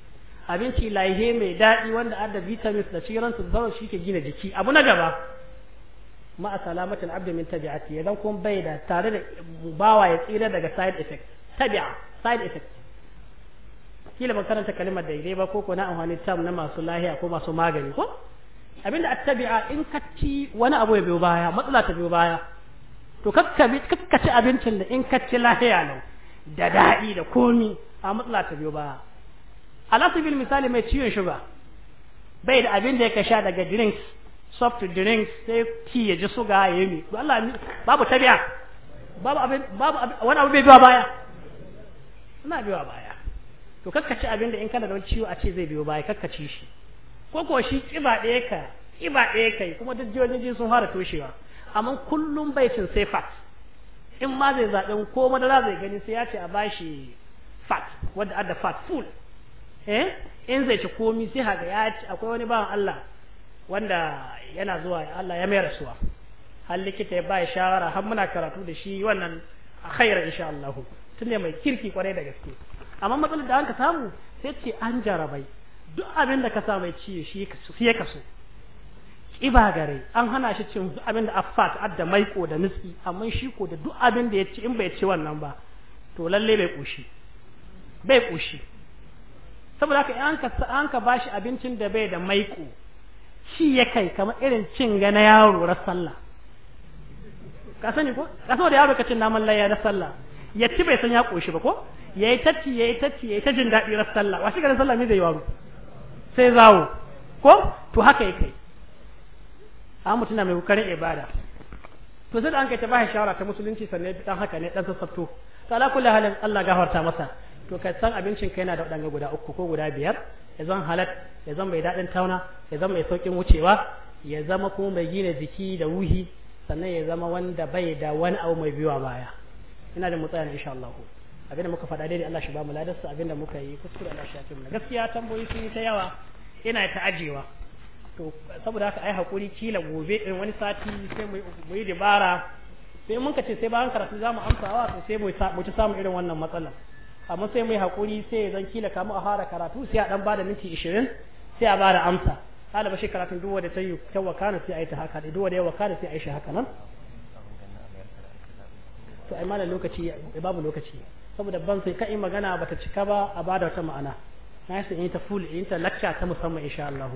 abinci laihe mai daɗi wanda adda vitamins da ciran su zaura shi ka gina jiki abu na gaba ma a salamatul abdu min tabi'ati idan kun bai da tare da bawa ya tsira daga side effect tabi'a side effect kila ban karanta kalimar daidai ba ko ko na amfani tam na masu lahiya ko masu magani ko abinda attabi'a in ka ci wani abu ya biyo baya matsala ta biyo baya to kakka kakka ci abincin da in ka ci lahiya lau da daɗi da komi a matsala ta biyo ba bil misali mai ciwon shuga bai da abin da ya sha daga drinks soft drinks sai ki ya ji suga ya yi Allah babu tabiya babu abin babu wani abu bai biyo baya ina biyo baya to kakkaci abin da in kana da ciwo a ce zai biyo baya kakkaci shi ko ko shi kiba ɗaya ka kiba ɗaya kai kuma duk jiyoyin sun fara toshewa amma kullum bai cin sai fat in ma zai zaɓen ko madara zai gani sai ya ce a bashi fat wanda adda fat full eh? in zai ci komi sai haka ya ci akwai wani bawan Allah wanda yana zuwa Allah ya mai rasuwa har likita ya baya shawara har muna karatu da shi wannan a khaira insha Allah ne mai kirki kwarai da gaske amma matsalar da an ka samu sai ce an jarabai duk abin da ka sa mai ciye shi ya kaso ƙiba gare an hana shi cin abin da affat adda maiko da nutsi amma shi ko da duk abin da ya ci in bai ci wannan ba to lalle bai ƙoshi, bai ƙoshi saboda haka an ka an ka bashi abincin da bai da maiko shi ya kai kamar irin cin ga na yaro na sallah ka sani ko ka saboda yaro ka cin naman layya na sallah ya ci bai san ya koshi ba ko ya tacci yayi tacci yi ta jin daɗi na sallah wa shi ga sallah me zai yi yaro sai zawo ko to haka ya kai. amma mutum na mai kukarin ibada to sai da an kai ta bashi shawara ta musulunci sannan dan haka ne dan sassafto to ala kulli halin Allah gafarta masa to kai san abincin kai yana da wadanga guda uku ko guda biyar ya zan halat ya zan mai dadin tauna ya zan mai saukin wucewa ya zama kuma mai gina jiki da wuhi sannan ya zama wanda bai da wani abu mai biyuwa baya ina da mutsaya insha Allah abinda muka faɗa daidai Allah shi ba mu ladarsa abinda muka yi kuskure Allah shi ya fi mu gaskiya tamboyi sun yi ta yawa ina ta ajewa to saboda haka ai hakuri kila gobe in wani sati sai mu yi dabara sai mun ka ce sai bayan karatu zamu amsawa to sai mu ci samu irin wannan matsala amma sai mu yi hakuri sai zan kila kamu a fara karatu sai a dan bada minti 20 sai a bada amsa kala ba shi karatun duk da tayi ta wakana sai ai ta haka duk da ya wakana sai ai shi haka nan to ai malam lokaci babu lokaci saboda ban sai yi magana bata cika ba a bada wata ma'ana na yi in ta full in ta lacca ta musamman insha Allah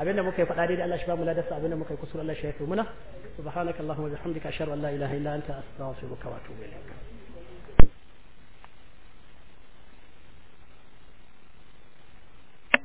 abinda muka yi faɗa daidai Allah shi ba mu ladarsa abinda muka yi kusur Allah shi ya fi muna subhanakallahumma bihamdika ashhadu an la ilaha illa anta astaghfiruka wa atubu ilaik